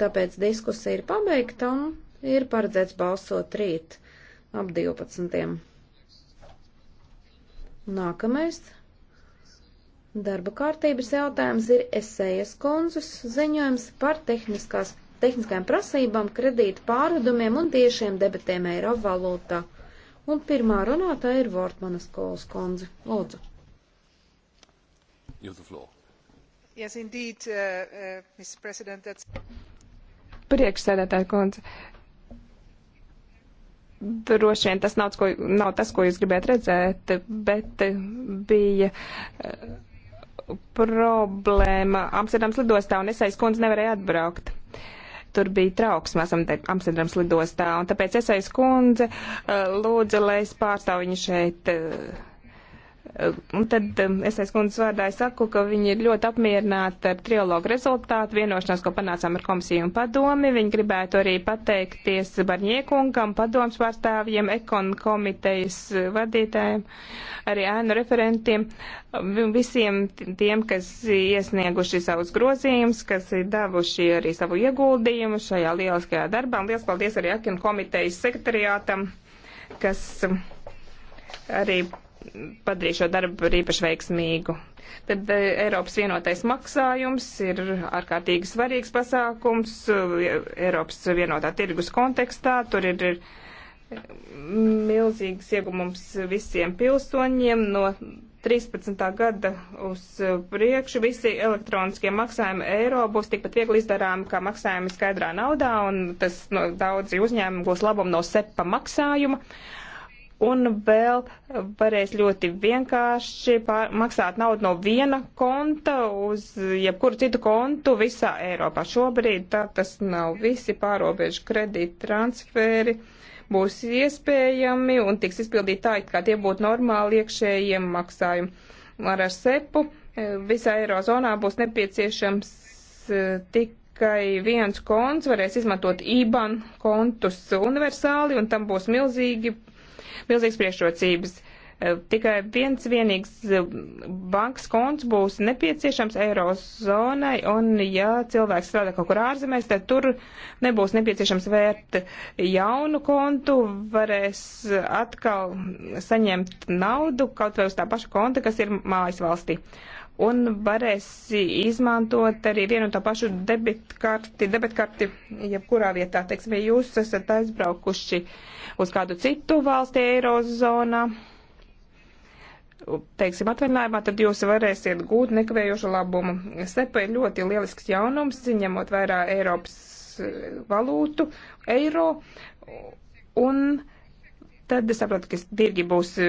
Tāpēc diskusija ir pabeigta un ir paredzēts balsot rīt ap 12. Nākamais darba kārtības jautājums ir esējas kundzes ziņojums par tehniskās, tehniskajām prasībām, kredītu pārvedumiem un tiešiem debetēm eiro valūtā. Un pirmā runātāja ir Vortmanas skolas kundze. Lūdzu. Yes, indeed, uh, uh, Mr. President, that's... Priekšsēdētāja kundze, droši vien tas nav, ko, nav tas, ko jūs gribētu redzēt, bet bija eh, problēma Amsterdams lidostā un es aizkundze nevarēju atbraukt. Tur bija trauksme Amsterdams lidostā, un tāpēc es aizkundze eh, lūdza, lai es pārstāvu viņu šeit. Uh, Un tad um, es aiz kundzes vārdā saku, ka viņi ir ļoti apmierināti ar trilogu rezultātu, vienošanos, ko panācām ar komisiju un padomi. Viņi gribētu arī pateikties Barņiekungam, padoms pārstāvjiem, ekon komitejas vadītājiem, arī ēnu referentiem, um, visiem tiem, kas iesnieguši savus grozījumus, kas ir devuši arī savu ieguldījumu šajā lieliskajā darbā. Un liels paldies arī ekon komitejas sekretariātam, kas um, arī padarīja šo darbu arī paši veiksmīgu. Tad eh, Eiropas vienotais maksājums ir ārkārtīgi svarīgs pasākums eh, Eiropas vienotā tirgus kontekstā. Tur ir, ir mm, milzīgs iegumums visiem pilsoņiem no 13. gada uz priekšu. Visi elektroniskie maksājumi eiro būs tikpat viegli izdarāmi kā maksājumi skaidrā naudā, un tas no, daudzi uzņēmumi būs labumu no sepa maksājuma. Uh, un vēl varēs ļoti vienkārši pār, maksāt naudu no viena konta uz jebkuru citu kontu visā Eiropā. Šobrīd tā tas nav. Visi pārobežu kredīti transferi būs iespējami un tiks izpildīti tā, it kā tie būtu normāli iekšējiem maksājumi. Ar sepu e, visā Eirozonā būs nepieciešams e, tikai viens konts, varēs izmantot IBAN kontus universāli un tam būs milzīgi milzīgas priekšrocības. Eh, tikai viens vienīgs eh, bankas konts būs nepieciešams eirozonai, un ja cilvēks strādā kaut kur ārzemēs, tad tur nebūs nepieciešams vērt jaunu kontu, varēs atkal saņemt naudu kaut vai uz tā paša konta, kas ir mājas valstī. Uh, un varēs izmantot arī vienu un tā pašu debitkarti, debitkarti jebkurā vietā. Teiksim, ja jūs esat aizbraukuši uz kādu citu valsti Eirozonā, teiksim, atvaļinājumā, tad jūs varēsiet gūt nekavējošu labumu. SEPA ir ļoti lielisks jaunums, ņemot vairāk Eiropas valūtu, eiro, un tad es saprotu, ka tirgi būs e,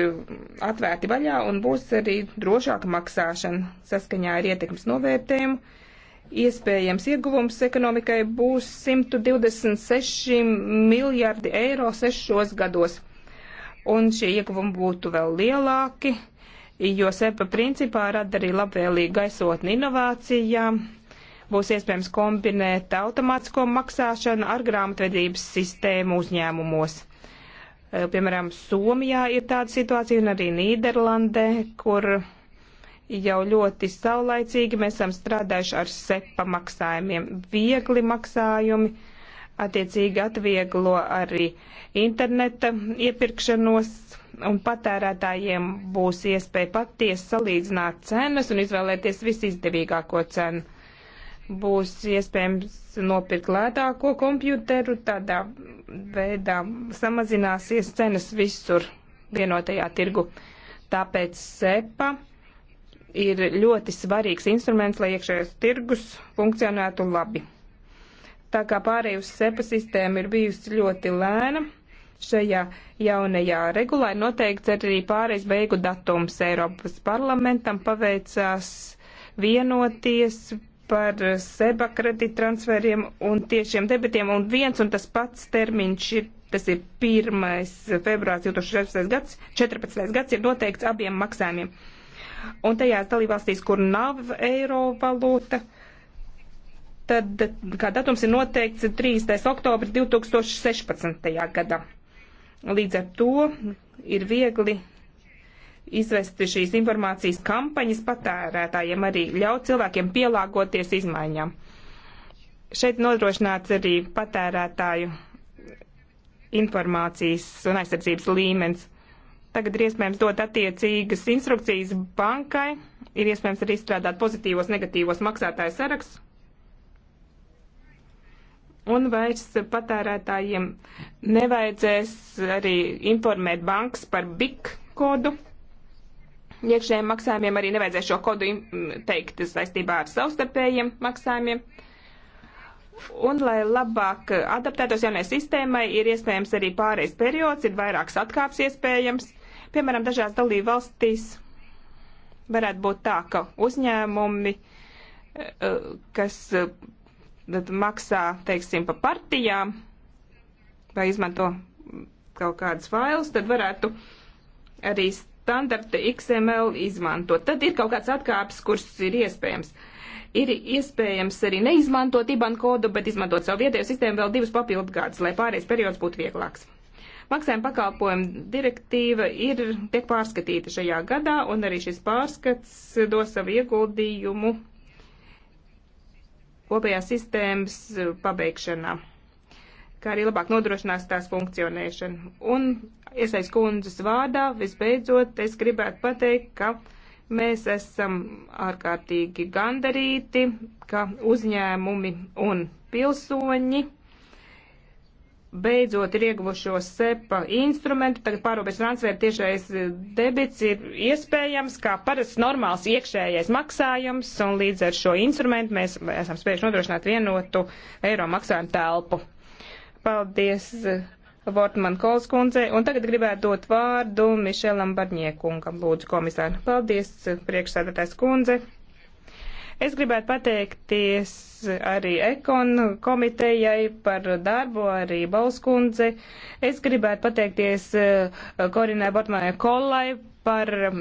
atvērti vaļā un būs arī drošāka maksāšana saskaņā ar ietekmes novērtējumu. Iespējams ieguvums ekonomikai būs 126 miljardi eiro sešos gados. Un šie ieguvumi būtu vēl lielāki, jo SEPA principā rada arī labvēlīgu gaisotni inovācijām. Būs iespējams kombinēt automātisko maksāšanu ar grāmatvedības sistēmu uzņēmumos. Eh, piemēram, Somijā ir tāda situācija un arī Nīderlandē, kur jau ļoti saulaicīgi mēs esam strādājuši ar sepa maksājumiem. Viegli maksājumi attiecīgi atvieglo arī interneta iepirkšanos un patērētājiem būs iespēja patiesi salīdzināt cenas un izvēlēties visizdevīgāko cenu būs iespējams nopirkt lētāko kompjuteru, tādā veidā samazināsies cenas visur vienotajā tirgu. Tāpēc SEPA ir ļoti svarīgs instruments, lai iekšējais tirgus funkcionētu labi. Tā kā pārējus SEPA sistēma ir bijusi ļoti lēna, šajā jaunajā regulā ir noteikts arī pārējais beigu datums Eiropas parlamentam paveicās vienoties par eh, seba kredittransferiem un tiešiem debitiem, un viens un tas pats termiņš ir, tas ir 1. februārs 2016. gads, 14. gads ir noteikts abiem maksājumiem. Un tajās dalībvalstīs, kur nav eiro valūta, tad kā datums ir noteikts 3. oktobris 2016. gadā. Līdz ar to ir viegli izvest šīs informācijas kampaņas patērētājiem, arī ļaut cilvēkiem pielāgoties izmaiņām. Šeit nodrošināts arī patērētāju informācijas un aizsardzības līmenis. Tagad ir iespējams dot attiecīgas instrukcijas bankai, ir iespējams arī izstrādāt pozitīvos, negatīvos maksātāju sarakstus. Un vairs patērētājiem nevajadzēs arī informēt bankas par BIK kodu, iekšējiem maksājumiem, arī nevajadzēs šo kodu teikt saistībā ar savstarpējiem maksājumiem. Un, lai labāk adaptētos jaunajai sistēmai, ir iespējams arī pārejas periods, ir vairākas atkāps iespējams. Piemēram, dažās dalību valstīs varētu būt tā, ka uzņēmumi, eh, kas eh, maksā, teiksim, pa partijām vai izmanto kaut kādas failus, tad varētu arī standarta XML izmantot. Tad ir kaut kāds atkāps, kurš ir iespējams. Ir iespējams arī neizmantot IBAN kodu, bet izmantot savu vietējo sistēmu vēl divus papildu gadus, lai pārējais periods būtu vieglāks. Maksājuma pakalpojuma direktīva ir tiek pārskatīta šajā gadā, un arī šis pārskats dos savu ieguldījumu kopējās sistēmas pabeigšanā kā arī labāk nodrošinās tās funkcionēšanu. Un iesaist kundzes vārdā, visbeidzot, es gribētu pateikt, ka mēs esam ārkārtīgi gandarīti, ka uzņēmumi un pilsoņi beidzot ir ieguvušo SEPA instrumentu. Tagad pārobežu transferu tiešais debits ir iespējams kā parasts normāls iekšējais maksājums, un līdz ar šo instrumentu mēs esam spējuši nodrošināt vienotu eiro maksājumu telpu. Paldies Vortman eh, Kols kundzei. Un tagad gribētu dot vārdu Mišelam Barņiekungam, lūdzu komisāru. Paldies, eh, priekšsēdētājs kundze. Es gribētu pateikties arī Ekon komitejai par darbu, arī Balskundze. Es gribētu pateikties eh, Korinai Bortmanai Kollai par um,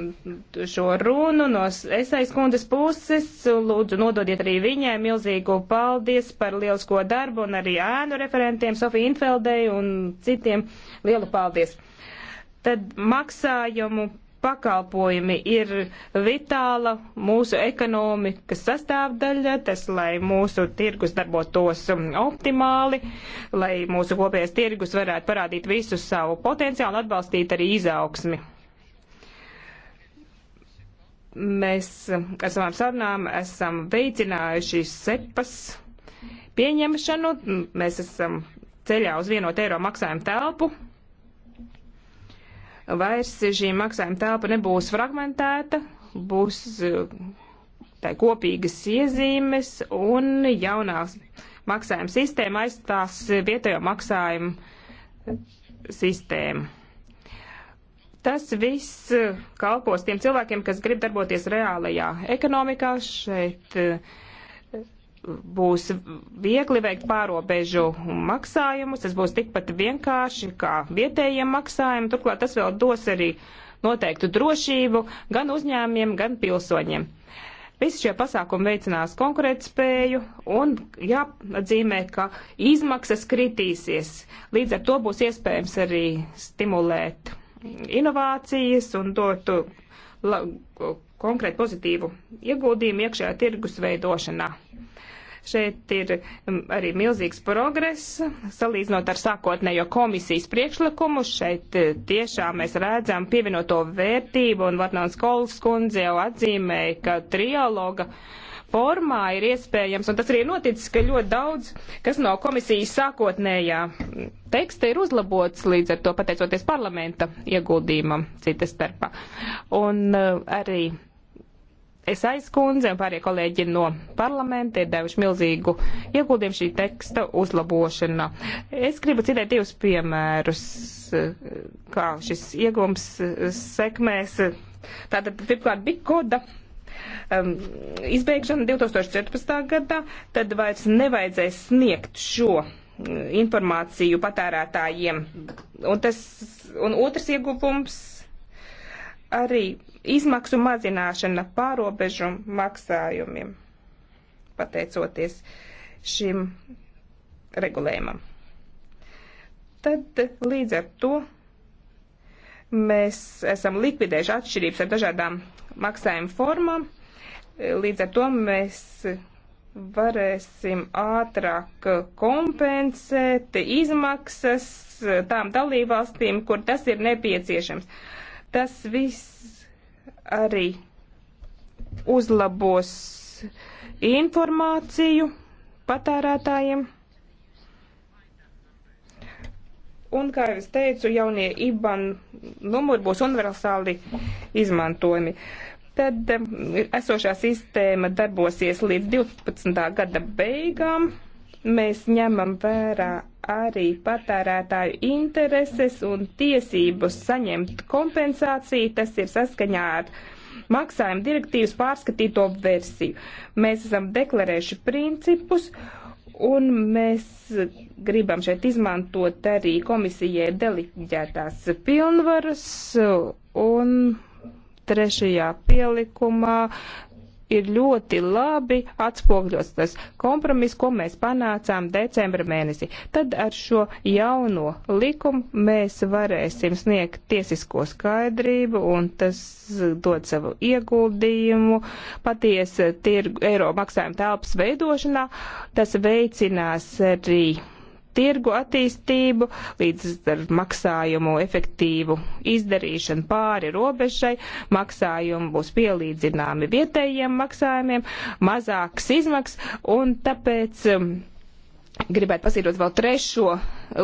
šo runu no Esais kundas puses. Lūdzu, nododiet arī viņai milzīgu paldies par lielisko darbu un arī ēnu referentiem Sofiju Infeldei un citiem lielu paldies. Tad maksājumu pakalpojumi ir vitāla mūsu ekonomikas sastāvdaļa, tas, lai mūsu tirgus darbotos um, optimāli, lai mūsu kopējais tirgus varētu parādīt visu savu potenciālu, atbalstīt arī izaugsmi mēs ar savām sarunām esam veicinājuši sepas pieņemšanu. Mēs esam ceļā uz vienotu eiro maksājumu telpu. Vairs šī maksājuma telpa nebūs fragmentēta, būs tai kopīgas iezīmes un jaunās maksājuma sistēma aizstās vietējo maksājumu sistēmu Tas viss eh, kalpos tiem cilvēkiem, kas grib darboties reālajā ekonomikā. Šeit eh, būs viegli veikt pārobežu maksājumus, tas būs tikpat vienkārši kā vietējiem maksājumiem. Turklāt tas vēl dos arī noteiktu drošību gan uzņēmiem, gan pilsoņiem. Visi šie pasākumi veicinās konkurētspēju un jāatzīmē, ka izmaksas kritīsies. Līdz ar to būs iespējams arī stimulēt inovācijas un dotu la, konkrēti pozitīvu ieguldījumu iekšējā tirgus veidošanā. Šeit ir mm, arī milzīgs progress, salīdzinot ar sākotnējo komisijas priekšlikumu. Šeit eh, tiešām mēs redzam pievienoto vērtību, un Varnāns Kols kundze jau atzīmēja, ka trialoga uh, formā ir iespējams, un tas arī ir noticis, ka ļoti daudz, kas no komisijas sākotnējā teksta ir uzlabots līdz ar to pateicoties parlamenta ieguldījumam citas starpā. Un eh, arī es aizkundze un pārējie kolēģi no parlamenta ir devuši milzīgu ieguldījumu šī teksta uzlabošanā. Es gribu citēt divus piemērus, eh, kā šis iegums eh, sekmēs. Tātad pirmkārt bija koda um, izbeigšana 2014. gadā, tad vairs nevajadzēs sniegt šo uh, informāciju patērētājiem. Un, tas, un otrs ieguvums arī izmaksu mazināšana pārobežu maksājumiem, pateicoties šim regulējumam. Tad līdz ar to mēs esam likvidējuši atšķirības ar dažādām maksājuma formām Līdz ar to mēs varēsim ātrāk kompensēt izmaksas tām dalībvalstīm, kur tas ir nepieciešams. Tas viss arī uzlabos informāciju patērētājiem. Un, kā jau es teicu, jaunie IBAN numuri būs universāli izmantojami. Uh, tad esošā sistēma darbosies līdz 12. gada beigām. Mēs ņemam vērā arī patērētāju intereses un tiesības saņemt kompensāciju. Tas ir saskaņā ar maksājuma direktīvas pārskatīto versiju. Mēs esam deklarējuši principus. Un mēs gribam šeit izmantot arī komisijai deliģētās pilnvaras un trešajā pielikumā ir ļoti labi atspogļots tas kompromis, ko mēs panācām decembra mēnesī. Tad ar šo jauno likumu mēs varēsim sniegt tiesisko skaidrību un tas dod savu ieguldījumu patiesa tirgu eiro maksājuma telpas veidošanā. Tas veicinās arī tirgu attīstību, līdz ar maksājumu efektīvu izdarīšanu pāri robežai, maksājumi būs pielīdzināmi vietējiem maksājumiem, mazāks izmaks, un tāpēc um, gribētu pasīrot vēl trešo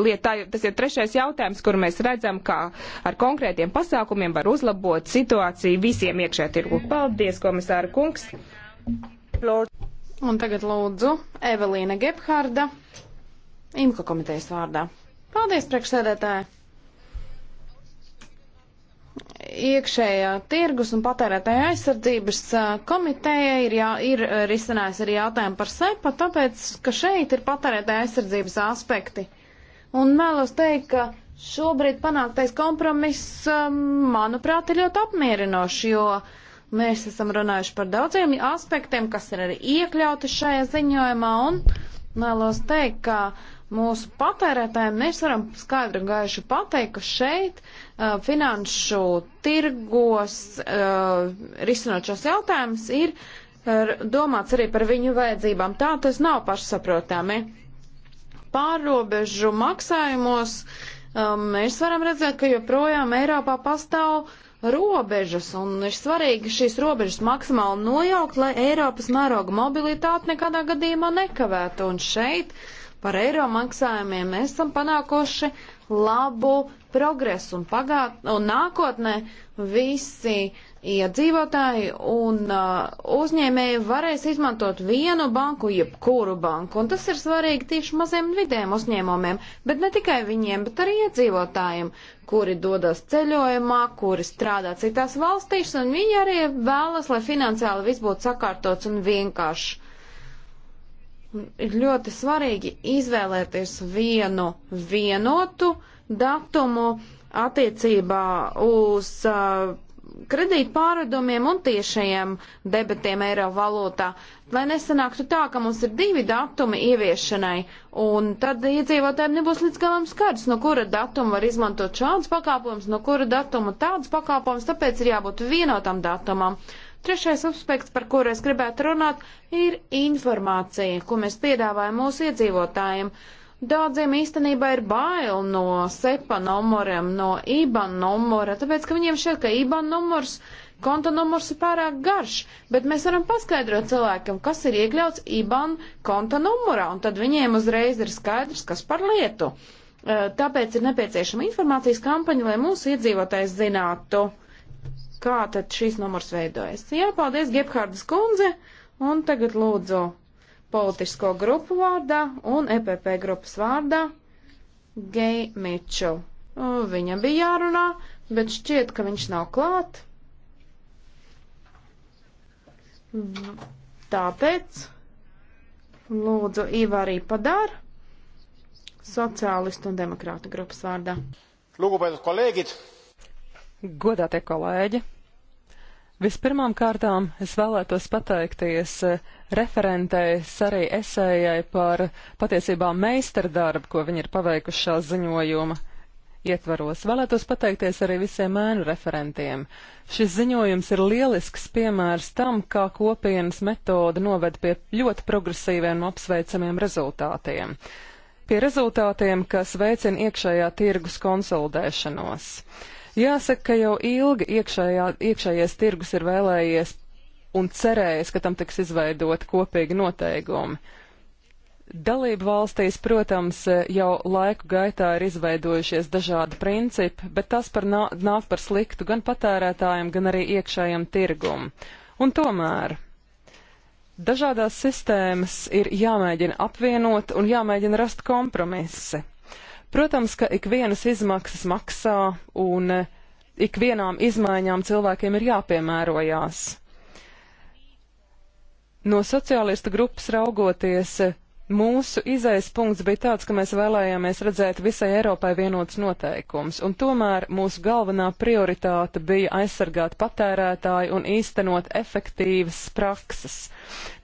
lietu. Tas ir trešais jautājums, kur mēs redzam, kā ar konkrētiem pasākumiem var uzlabot situāciju visiem iekšē tirgu. Paldies, komisāra kungs! Un tagad lūdzu Evelīna Gebharda. Imko komitejas vārdā. Paldies, priekšsēdētāji! Iekšējā tirgus un patērētāja aizsardzības komiteja ir, jā, ir risinājusi arī jautājumu par sepa, tāpēc, ka šeit ir patērētāja aizsardzības aspekti. Un vēlos teikt, ka šobrīd panāktais kompromiss, manuprāt, ir ļoti apmierinošs, jo uh, Mēs esam runājuši par daudziem aspektiem, kas ir arī iekļauti šajā ziņojumā, un vēlos teikt, ka mūsu patērētājiem, mēs varam skaidri un gaiši pateikt, ka šeit uh, finanšu tirgos uh, risinot šos jautājumus ir uh, domāts arī par viņu vajadzībām. Tā tas nav pašsaprotami. Pārrobežu maksājumos um, mēs varam redzēt, ka joprojām Eiropā pastāv robežas, un ir svarīgi šīs robežas maksimāli nojaukt, lai Eiropas mēroga mobilitāte nekādā gadījumā nekavētu. Un šeit uh, par eiro maksājumiem, mēs esam panākoši labu progresu un, pagāt, un nākotnē visi iedzīvotāji un uh, uzņēmēji varēs izmantot vienu banku, jebkuru banku. Un tas ir svarīgi tieši maziem vidiem uzņēmumiem, bet ne tikai viņiem, bet arī iedzīvotājiem, kuri dodas ceļojumā, kuri strādā citās valstīs, un viņi arī vēlas, lai finansiāli viss būtu sakārtots un vienkāršs ir ļoti svarīgi izvēlēties vienu vienotu datumu attiecībā uz uh, kredīt pārvedumiem un tiešajiem debetiem eiro valūtā, lai nesanāktu tā, ka mums ir divi datumi ieviešanai, un tad iedzīvotājiem nebūs līdz galam skaidrs, no kura datuma var izmantot šāds pakāpums, no kura datuma tāds pakāpums, tāpēc ir jābūt vienotam datumam. Uh, Trešais aspekts, par kuru es gribētu runāt, ir informācija, ko mēs piedāvājam mūsu iedzīvotājiem. Daudziem īstenībā ir bail no SEPA numuriem, no IBAN numura, tāpēc, ka viņiem šķiet, ka IBAN numurs, konta numurs ir pārāk garš, bet mēs varam paskaidrot cilvēkam, kas ir iekļauts IBAN konta numurā, un tad viņiem uzreiz ir skaidrs, kas par lietu. Tāpēc ir nepieciešama informācijas kampaņa, lai mūsu iedzīvotājs zinātu. Uh, kā tad šīs numurs veidojas. Jā, paldies, Gebhārdas kundze, un tagad lūdzu politisko grupu vārdā un EPP grupas vārdā Gei Mitchell. Viņam bija jārunā, bet šķiet, ka viņš nav klāt. Tāpēc lūdzu Ivarī padar sociālistu un demokrātu grupas vārdā. Lūgu, bet kolēģi! Godātie kolēģi! Vispirmām kārtām es vēlētos pateikties eh, referentei Sarī Esējai par patiesībā meistardarbu, ko viņi ir paveikuši šā ziņojuma ietvaros. Vēlētos pateikties arī visiem ēnu referentiem. Šis ziņojums ir lielisks piemērs tam, kā kopienas metode noved pie ļoti progresīviem un apsveicamiem rezultātiem. Pie rezultātiem, kas veicina iekšējā tirgus konsolidēšanos. Jāsaka, ka jau ilgi iekšējā, iekšējais tirgus ir vēlējies un cerējis, ka tam tiks izveidot kopīgi noteikumi. Dalību valstīs, protams, jau laiku gaitā ir izveidojušies dažādi principi, bet tas par nā, nāk par sliktu gan patērētājiem, gan arī iekšējam tirgum. Un tomēr dažādās sistēmas ir jāmēģina apvienot un jāmēģina rast kompromisi. Protams, ka ikvienas izmaksas maksā un eh, ikvienām izmaiņām cilvēkiem ir jāpiemērojās. No sociālistu grupas raugoties, Mūsu izaisa punkts bija tāds, ka mēs vēlējāmies redzēt visai Eiropai vienotas noteikums, un tomēr mūsu galvenā prioritāte bija aizsargāt patērētāju un īstenot efektīvas prakses.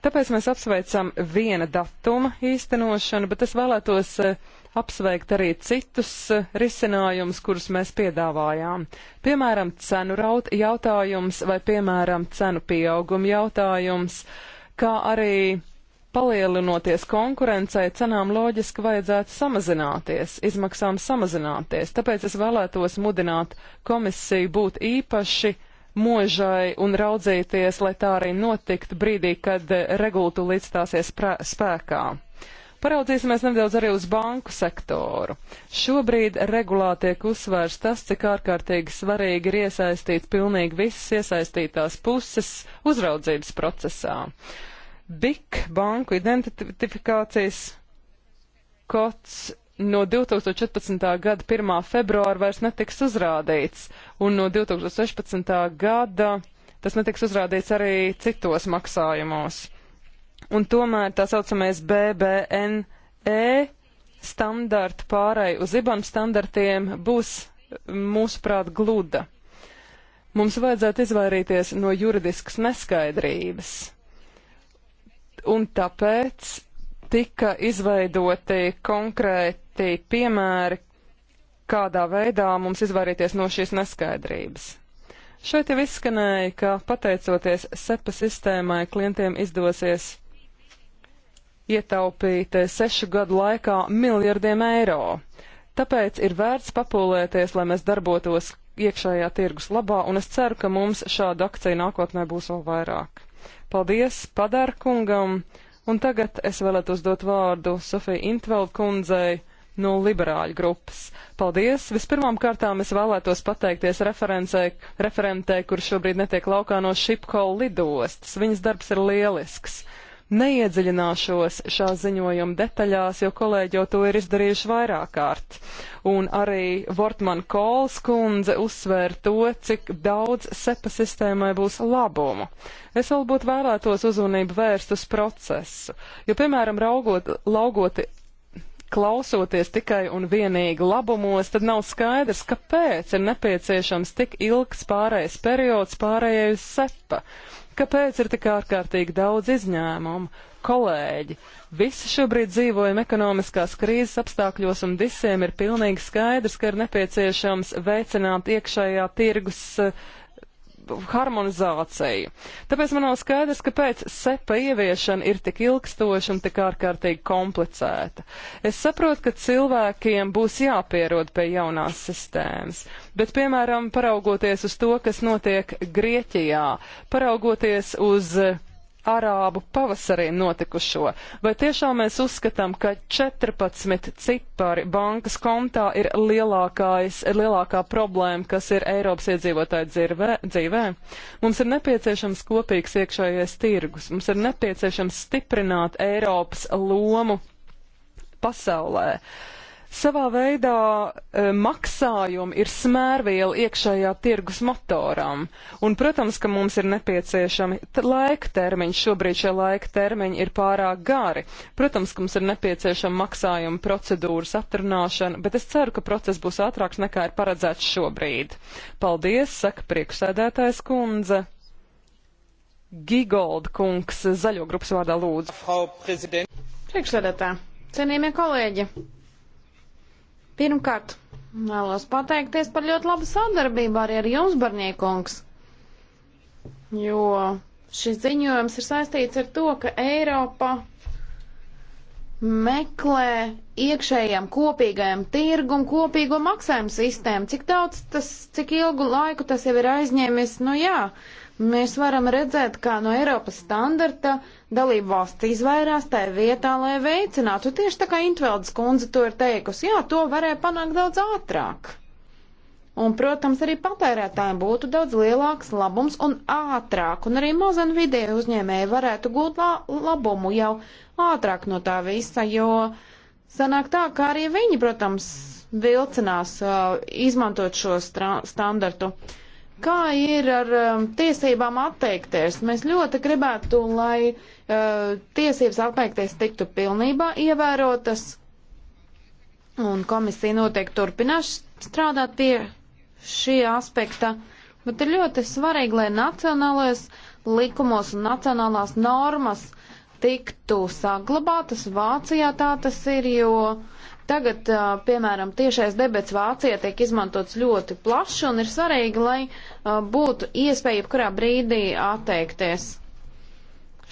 Tāpēc mēs apsveicam viena datuma īstenošanu, bet es vēlētos uh, apsveikt arī citus eh, risinājumus, kurus mēs piedāvājām. Piemēram, cenu raut jautājums vai, piemēram, cenu pieauguma jautājums, kā arī palielinoties konkurencei, cenām loģiski vajadzētu samazināties, izmaksām samazināties. Tāpēc es vēlētos mudināt komisiju būt īpaši možai un raudzīties, lai tā arī notiktu brīdī, kad eh, regula tūlīt stāsies spēkā. Paraudzīsimies nedaudz arī uz banku sektoru. Šobrīd regulā tiek uzsvērts tas, cik ārkārtīgi svarīgi ir iesaistīt pilnīgi visas iesaistītās puses uzraudzības procesā. BIK banku identifikācijas kods no 2014. gada 1. februāra vairs netiks uzrādīts, un no 2016. gada tas netiks uzrādīts arī citos maksājumos un tomēr tā saucamais BBNE standarta pārai uz IBAN standartiem būs mūsuprāt gluda. Mums vajadzētu izvairīties no juridiskas neskaidrības. Un tāpēc tika izveidoti konkrēti piemēri, kādā veidā mums izvairīties no šīs neskaidrības. Šeit jau izskanēja, ka pateicoties SEPA sistēmai klientiem izdosies ietaupīt eh, sešu gadu laikā miljardiem eiro. Tāpēc ir vērts papūlēties, lai mēs darbotos iekšējā tirgus labā, un es ceru, ka mums šāda akcija nākotnē būs vēl vairāk. Paldies padarkungam, un tagad es vēlētos dot vārdu Sofija Intveld kundzei no liberāļu grupas. Paldies! Vispirmām kārtām es vēlētos pateikties referentē, kurš šobrīd netiek laukā no Šipkola lidostas. Viņas darbs ir lielisks. Neiedziļināšos šā ziņojuma detaļās, jo kolēģi jau to ir izdarījuši vairāk kārt. Un arī Vortman Kols kundze uzsvēra to, cik daudz sepa sistēmai būs labumu. Es varbūt vēlētos uzmanību vērst uz procesu, jo, piemēram, raugot, laugoti klausoties tikai un vienīgi labumos, tad nav skaidrs, kāpēc ir nepieciešams tik ilgs pārējais periods pārējai uz sepa. Kāpēc ir tik ārkārtīgi daudz izņēmumu? Kolēģi, visi šobrīd dzīvojam ekonomiskās krīzes apstākļos un visiem ir pilnīgi skaidrs, ka ir nepieciešams veicināt iekšējā tirgus uh, harmonizāciju. Tāpēc man nav skaidrs, kāpēc sepa ieviešana ir tik ilgstoša un tik ārkārtīgi komplicēta. Es saprotu, ka cilvēkiem būs jāpierod pie jaunās sistēmas, bet, piemēram, paraugoties uz to, kas notiek Grieķijā, paraugoties uz uh, arābu pavasarī notikušo? Vai tiešām mēs uzskatām, ka 14 cipari bankas kontā ir, lielākais, ir lielākā problēma, kas ir Eiropas iedzīvotāju dzīvē, dzīvē? Mums ir nepieciešams kopīgs iekšējais tirgus, mums ir nepieciešams stiprināt Eiropas lomu pasaulē. Uh, Savā veidā e, maksājumi ir smērviela iekšējā tirgus motoram, un, protams, ka mums ir nepieciešami laika termiņi. Šobrīd šie laika termiņi ir pārāk gari. Protams, ka mums ir nepieciešama maksājuma procedūras atrunāšana, bet es ceru, ka process būs ātrāks nekā ir paredzēts šobrīd. Paldies, saka priekšsēdētājs kundze. Gigold kungs zaļo grupas vārdā lūdzu. Priekšsēdētā, cienījamie kolēģi! Pirmkārt, vēlos pateikties par ļoti labu sadarbību arī ar jums, Barniekungs, jo šis ziņojums ir saistīts ar to, ka Eiropa meklē iekšējiem kopīgajam tirgum kopīgo maksājumu sistēmu. Cik daudz tas, cik ilgu laiku tas jau ir aizņēmis, nu jā, uh, Mēs varam redzēt, kā no Eiropas standarta dalību valsts izvairās tajā vietā, lai veicinātu. Tieši tā kā Intveldes kundze to ir teikusi, jā, to varēja panākt daudz ātrāk. Un, protams, arī patērētājiem būtu daudz lielāks labums un ātrāk, un arī mazen vidēji uzņēmēji varētu gūt la labumu jau ātrāk no tā visa, jo sanāk tā, ka arī viņi, protams, vilcinās uh, izmantot šo standartu. Uh, Kā ir ar um, tiesībām atteikties? Mēs ļoti gribētu, lai uh, tiesības atteikties tiktu pilnībā ievērotas, un komisija noteikti turpinās strādāt pie šī aspekta, bet ir ļoti svarīgi, lai nacionālais likumos un nacionālās normas tiktu saglabātas. Vācijā tā tas ir, jo uh, Tagad, piemēram, tiešais debets Vācijā tiek izmantots ļoti plaši un ir svarīgi, lai būtu iespēja jebkurā brīdī atteikties.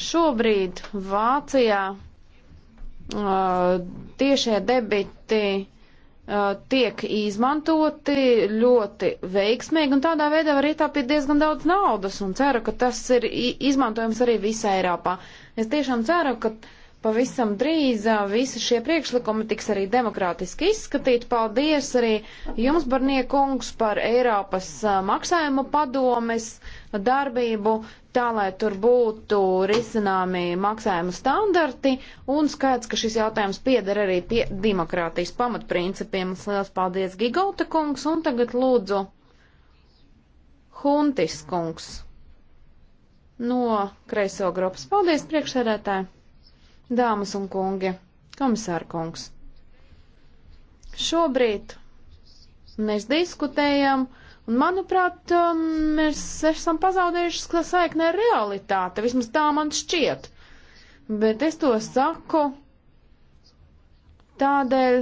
Šobrīd Vācijā tiešie debiti tiek izmantoti ļoti veiksmīgi un tādā veidā var ietaupīt diezgan daudz naudas un ceru, ka tas ir izmantojams arī visā Eiropā. Es tiešām ceru, ka pavisam drīz visi šie priekšlikumi tiks arī demokrātiski izskatīti. Paldies arī jums, Barniekungs, par Eiropas maksājuma padomes darbību, tā lai tur būtu risināmi maksājuma standarti un skaidrs, ka šis jautājums pieder arī pie demokrātijas pamatprincipiem. Liels paldies, Gigolta kungs, un tagad lūdzu Huntis kungs no kreiso grupas. Paldies, priekšsēdētāji! Dāmas un kungi, komisāra kungs, šobrīd mēs diskutējam, un manuprāt, um, mēs esam pazaudējuši saikni ar realitāti, vismaz tā man šķiet. Bet es to saku tādēļ,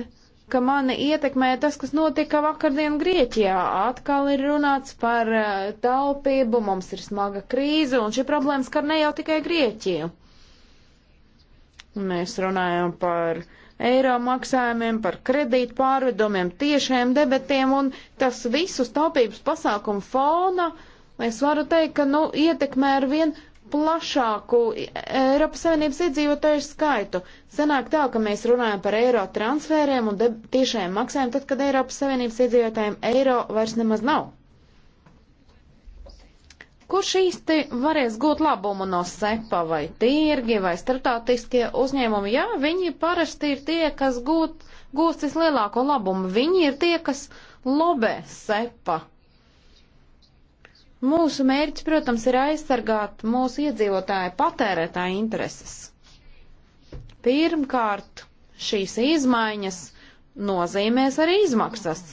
ka mani ietekmē tas, kas notika vakardien Grieķijā. Atkal ir runāts par uh, taupību, mums ir smaga krīze, un šī problēma skar ne jau tikai Grieķiju. Mēs runājam par eiro maksājumiem, par kredītu pārvedumiem, tiešiem debetiem un tas visu taupības pasākumu fona. Es varu teikt, ka nu, ietekmē ar vien plašāku Eiropas Savienības iedzīvotāju skaitu. Senāk tā, ka mēs runājam par eiro transfēriem un tiešajiem maksājumiem, tad, kad Eiropas Savienības iedzīvotājiem eiro vairs nemaz nav. Kurš īsti varēs gūt labumu no SEPA vai tirgi vai startautiskie uzņēmumi? Jā, viņi parasti ir tie, kas gūt, gūst vislielāko labumu. Viņi ir tie, kas lobē SEPA. Mūsu mērķis, protams, ir aizsargāt mūsu iedzīvotāju patērētāju intereses. Pirmkārt, šīs izmaiņas nozīmēs arī izmaksas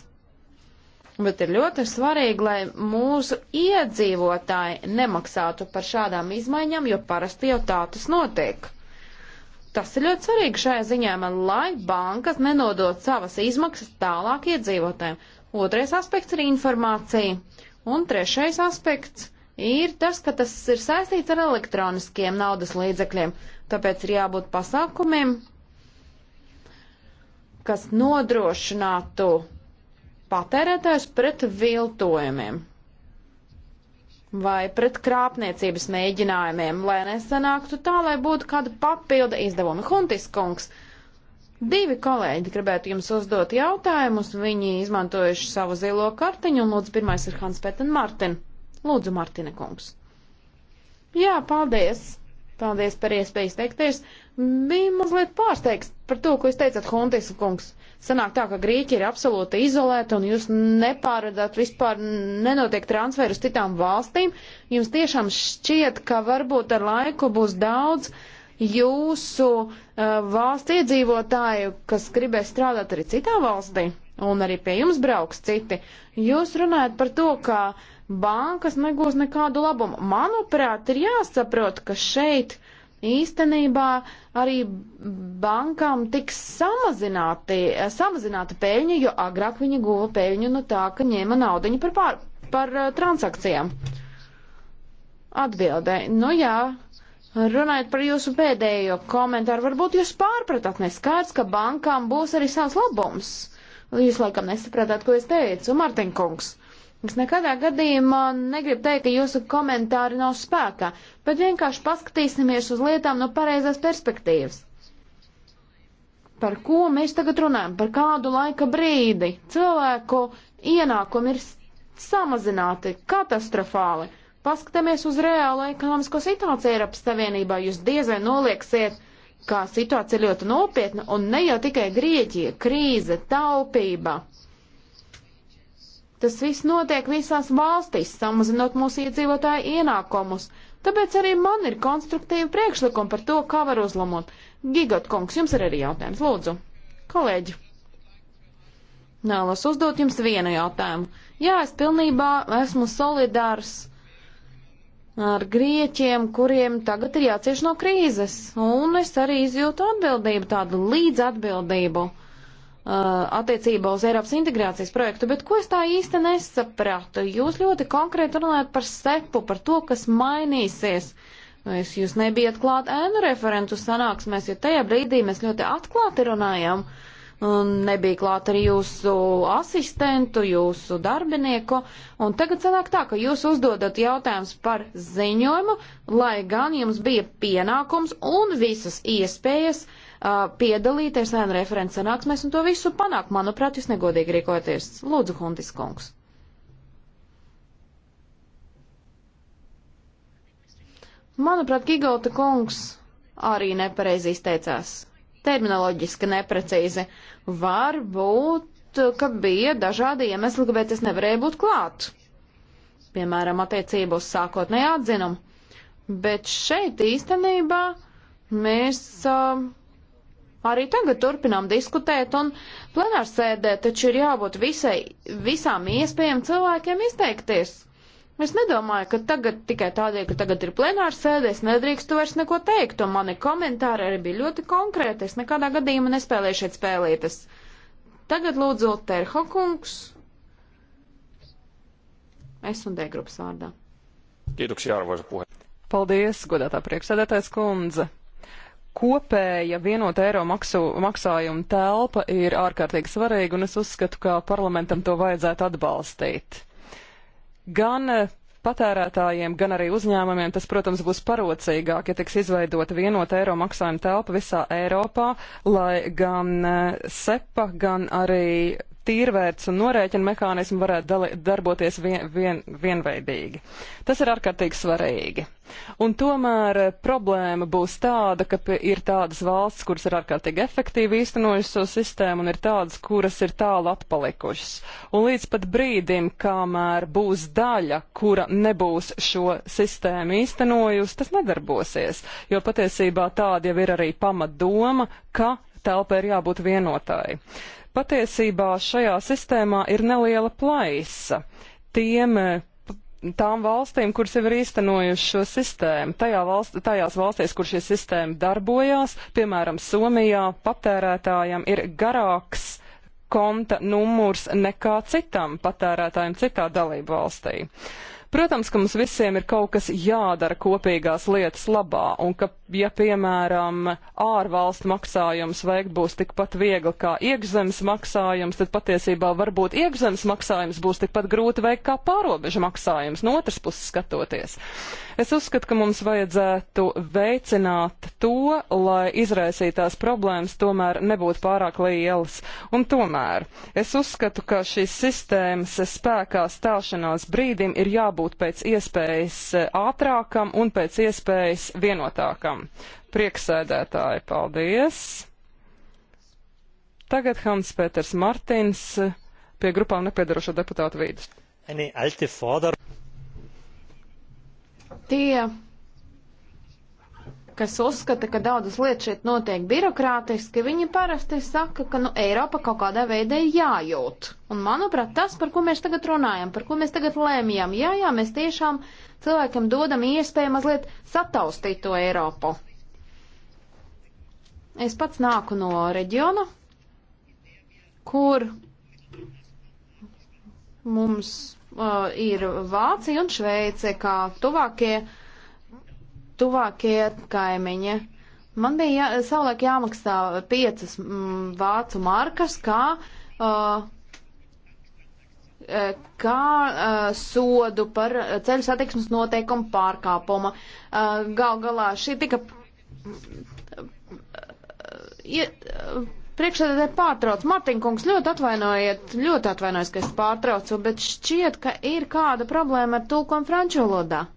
bet ir ļoti svarīgi, lai mūsu iedzīvotāji nemaksātu par šādām izmaiņām, jo parasti jau tā tas notiek. Tas ir ļoti svarīgi šajā ziņā, man, lai bankas nenodot savas izmaksas tālāk iedzīvotājiem. Otrais aspekts ir informācija. Un trešais aspekts ir tas, ka tas ir saistīts ar elektroniskiem naudas līdzekļiem. Tāpēc ir jābūt pasākumiem, kas nodrošinātu patērētājus pret viltojumiem vai pret krāpniecības mēģinājumiem, lai nesanāktu tā, lai būtu kāda papilda izdevuma. Huntis kungs, divi kolēģi gribētu jums uzdot jautājumus, viņi izmantojuši savu zilo kartiņu, un lūdzu, pirmais ir Hans Peten Martin. Lūdzu, Martina kungs. Jā, paldies! Paldies par iespēju izteikties. Bija mazliet pārsteigts par to, ko jūs teicat, Hontis kungs. Sanāk tā, ka Grieķija ir absolūti izolēta un jūs nepārredzat vispār nenotiek transferu uz citām valstīm. Jums tiešām šķiet, ka varbūt ar laiku būs daudz jūsu uh, valsts iedzīvotāju, kas gribēs strādāt arī citā valstī un arī pie jums brauks citi. Jūs runājat par to, ka uh, bankas negūs nekādu labumu. Manuprāt, ir jāsaprot, ka šeit īstenībā arī bankām tiks samazināti, samazināta peļņa, jo agrāk viņi guva peļņu no tā, ka ņēma naudiņu par, pār, par eh, transakcijām. Atbildē, nu jā, runājot par jūsu pēdējo komentāru, varbūt jūs pārpratāt neskaidrs, ka bankām būs arī savs labums. Jūs laikam nesapratāt, ko es teicu, Martin Kungs. Es nekādā gadījumā negribu teikt, ka jūsu komentāri nav spēkā, bet vienkārši paskatīsimies uz lietām no pareizās perspektīvas. Par ko mēs tagad runājam? Par kādu laika brīdi? Cilvēku ienākumi ir samazināti katastrofāli. Paskatāmies uz reālo ekonomisko situāciju Eiropas Savienībā. Jūs diez vai nolieksiet, kā situācija ļoti nopietna un ne jau tikai Grieķija, krīze, taupība Tas viss notiek visās valstīs, samazinot mūsu iedzīvotāju ienākumus. Tāpēc arī man ir konstruktīva priekšlikuma par to, kā var uzlamot. Gigot kungs, jums ir arī jautājums, lūdzu. Kolēģi, nālas uzdot jums vienu jautājumu. Jā, es pilnībā esmu solidārs ar grieķiem, kuriem tagad ir jācieš no krīzes, un es arī izjūtu atbildību, tādu līdz atbildību. Uh, attiecībā uz Eiropas integrācijas projektu, bet ko es tā īsti nesapratu? Jūs ļoti konkrēti runājat par sepu, par to, kas mainīsies. Es jūs nebijat klāt ēnu referentu sanāksmēs, jo tajā brīdī mēs ļoti atklāti runājām. Un nebija klāt arī jūsu asistentu, jūsu darbinieku. Un tagad sanāk tā, ka jūs uzdodat jautājums par ziņojumu, lai gan jums bija pienākums un visas iespējas uh, uh, piedalīties ēnu referents sanāksmēs un to visu panākt. Manuprāt, jūs negodīgi rīkoties. Lūdzu, Huntis kungs. Manuprāt, Gigalta kungs arī nepareizi izteicās. Terminoloģiski neprecīzi. Varbūt, ka bija dažādi iemesli, kāpēc es nevarēju būt klāt. Piemēram, attiecību uz sākotnēju atzinumu. Bet šeit īstenībā mēs uh, Arī tagad turpinām diskutēt, un plenārsēdē taču ir jābūt visai, visām iespējām cilvēkiem izteikties. Es nedomāju, ka tagad tikai tādēļ, ka tagad ir plenārs sēde, es nedrīkstu vairs neko teikt, un mani komentāri arī bija ļoti konkrēti. Es nekādā gadījumā nespēlēju šeit spēlītas. Tagad lūdzu Terho kungs. Es un D grupas vārdā. Kiitoksia, arvoisa puhe. Paldies, godātā priekšsēdētājs kundze kopēja vienota eiro maksu, maksājuma telpa ir ārkārtīgi svarīga, un es uzskatu, ka parlamentam to vajadzētu atbalstīt. Gan eh, patērētājiem, gan arī uzņēmumiem tas, protams, būs parocīgāk, ja tiks izveidota vienota eiro maksājuma telpa visā Eiropā, lai gan eh, SEPA, gan arī tīrvērts un norēķina mehānismi varētu dali, darboties vien, vien, vienveidīgi. Tas ir ārkārtīgi svarīgi. Un tomēr eh, problēma būs tāda, ka ir tādas valsts, kuras ir ārkārtīgi efektīvi īstenojušas šo sistēmu, un ir tādas, kuras ir tālu atpalikušas. Un līdz pat brīdim, kamēr būs daļa, kura nebūs šo sistēmu īstenojusi, tas nedarbosies, jo patiesībā tāda jau ir arī pamatdoma, ka telpa ir jābūt vienotāji. Patiesībā šajā sistēmā ir neliela plaisa tiem, eh, tām valstīm, kuras jau ir īstenojušas šo sistēmu. Tajā valst, tajās valstīs, kur šī sistēma darbojās, piemēram, Somijā, patērētājam ir garāks konta numurs nekā citam patērētājiem citā dalību valstī. Protams, ka mums visiem ir kaut kas jādara kopīgās lietas labā, un ka, ja, piemēram, ārvalstu maksājums veikt būs tikpat viegli kā iekšzemes maksājums, tad patiesībā varbūt iekšzemes maksājums būs tikpat grūti veikt kā pārobežu maksājums, no otras puses skatoties. Es uzskatu, ka mums vajadzētu veicināt to, lai izraisītās problēmas tomēr nebūtu pārāk lielas. Un tomēr es uzskatu, ka šīs sistēmas spēkā stāšanās brīdim ir jābūt jābūt pēc iespējas e, ātrākam un pēc iespējas vienotākam. Prieksēdētāji, paldies! Tagad Hans Pēters Martins e, pie grupām nepiedarošo deputātu vīdus. Tie kas uzskata, ka daudzas lietas šeit notiek birokrātiski, viņi parasti saka, ka nu, Eiropa kaut kādā veidā ir jājūt. Un, manuprāt, tas, par ko mēs tagad runājam, par ko mēs tagad lēmjam, jā, jā, mēs tiešām cilvēkam dodam iespēju mazliet sataustīt to Eiropu. Es pats nāku no reģiona, kur mums uh, ir Vācija un Šveice kā tuvākie uh, tuvākie kaimiņi. Man bija jā, savulaik jāmaksā piecas mm, vācu markas, kā, uh, kā uh, sodu par ceļu satiksmes noteikumu pārkāpuma. Uh, gal galā šī tika ja, priekšsēdētāji pārtrauc. Martinkungs, ļoti atvainojiet, ļoti atvainojos, ka es pārtraucu, bet šķiet, ka ir kāda problēma ar tulkom franču valodā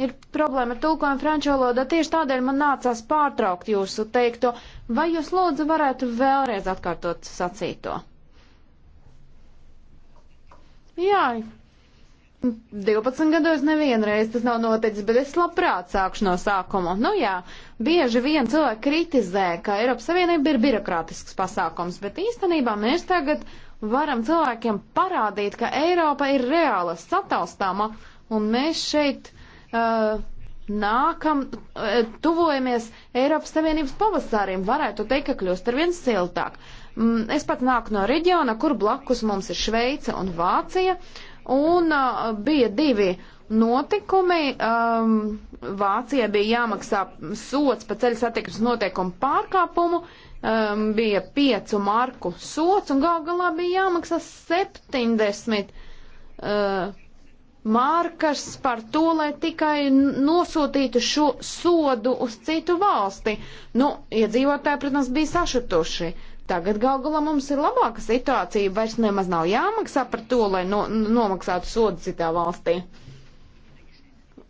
ir problēma ar tulkojumu franču valodā. Tieši tādēļ man nācās pārtraukt jūsu teikto. Vai jūs lūdzu varētu vēlreiz atkārtot sacīto? Jā, 12 gados nevienreiz tas nav noticis, bet es labprāt sākšu no sākuma. Nu jā, bieži vien cilvēki kritizē, ka Eiropas Savienība ir birokrātisks pasākums, bet īstenībā mēs tagad varam cilvēkiem parādīt, ka Eiropa ir reāla, sataustāma, un mēs šeit uh, uh, nākam, uh, tuvojamies Eiropas Savienības pavasāriem, varētu teikt, ka kļūst ar vien siltāk. Mm, es pat nāku no reģiona, kur blakus mums ir Šveice un Vācija, un uh, bija divi notikumi. Um, Vācija bija jāmaksā sots par ceļu satiksmes noteikumu pārkāpumu, um, bija piecu marku sots, un gal galā bija jāmaksā 70. Uh, markas par to, lai tikai nosūtītu šo sodu uz citu valsti. Nu, iedzīvotāji, protams, bija sašutuši. Tagad gal galā mums ir labāka situācija, vairs nemaz nav jāmaksā par to, lai no, nomaksātu sodu citā valstī.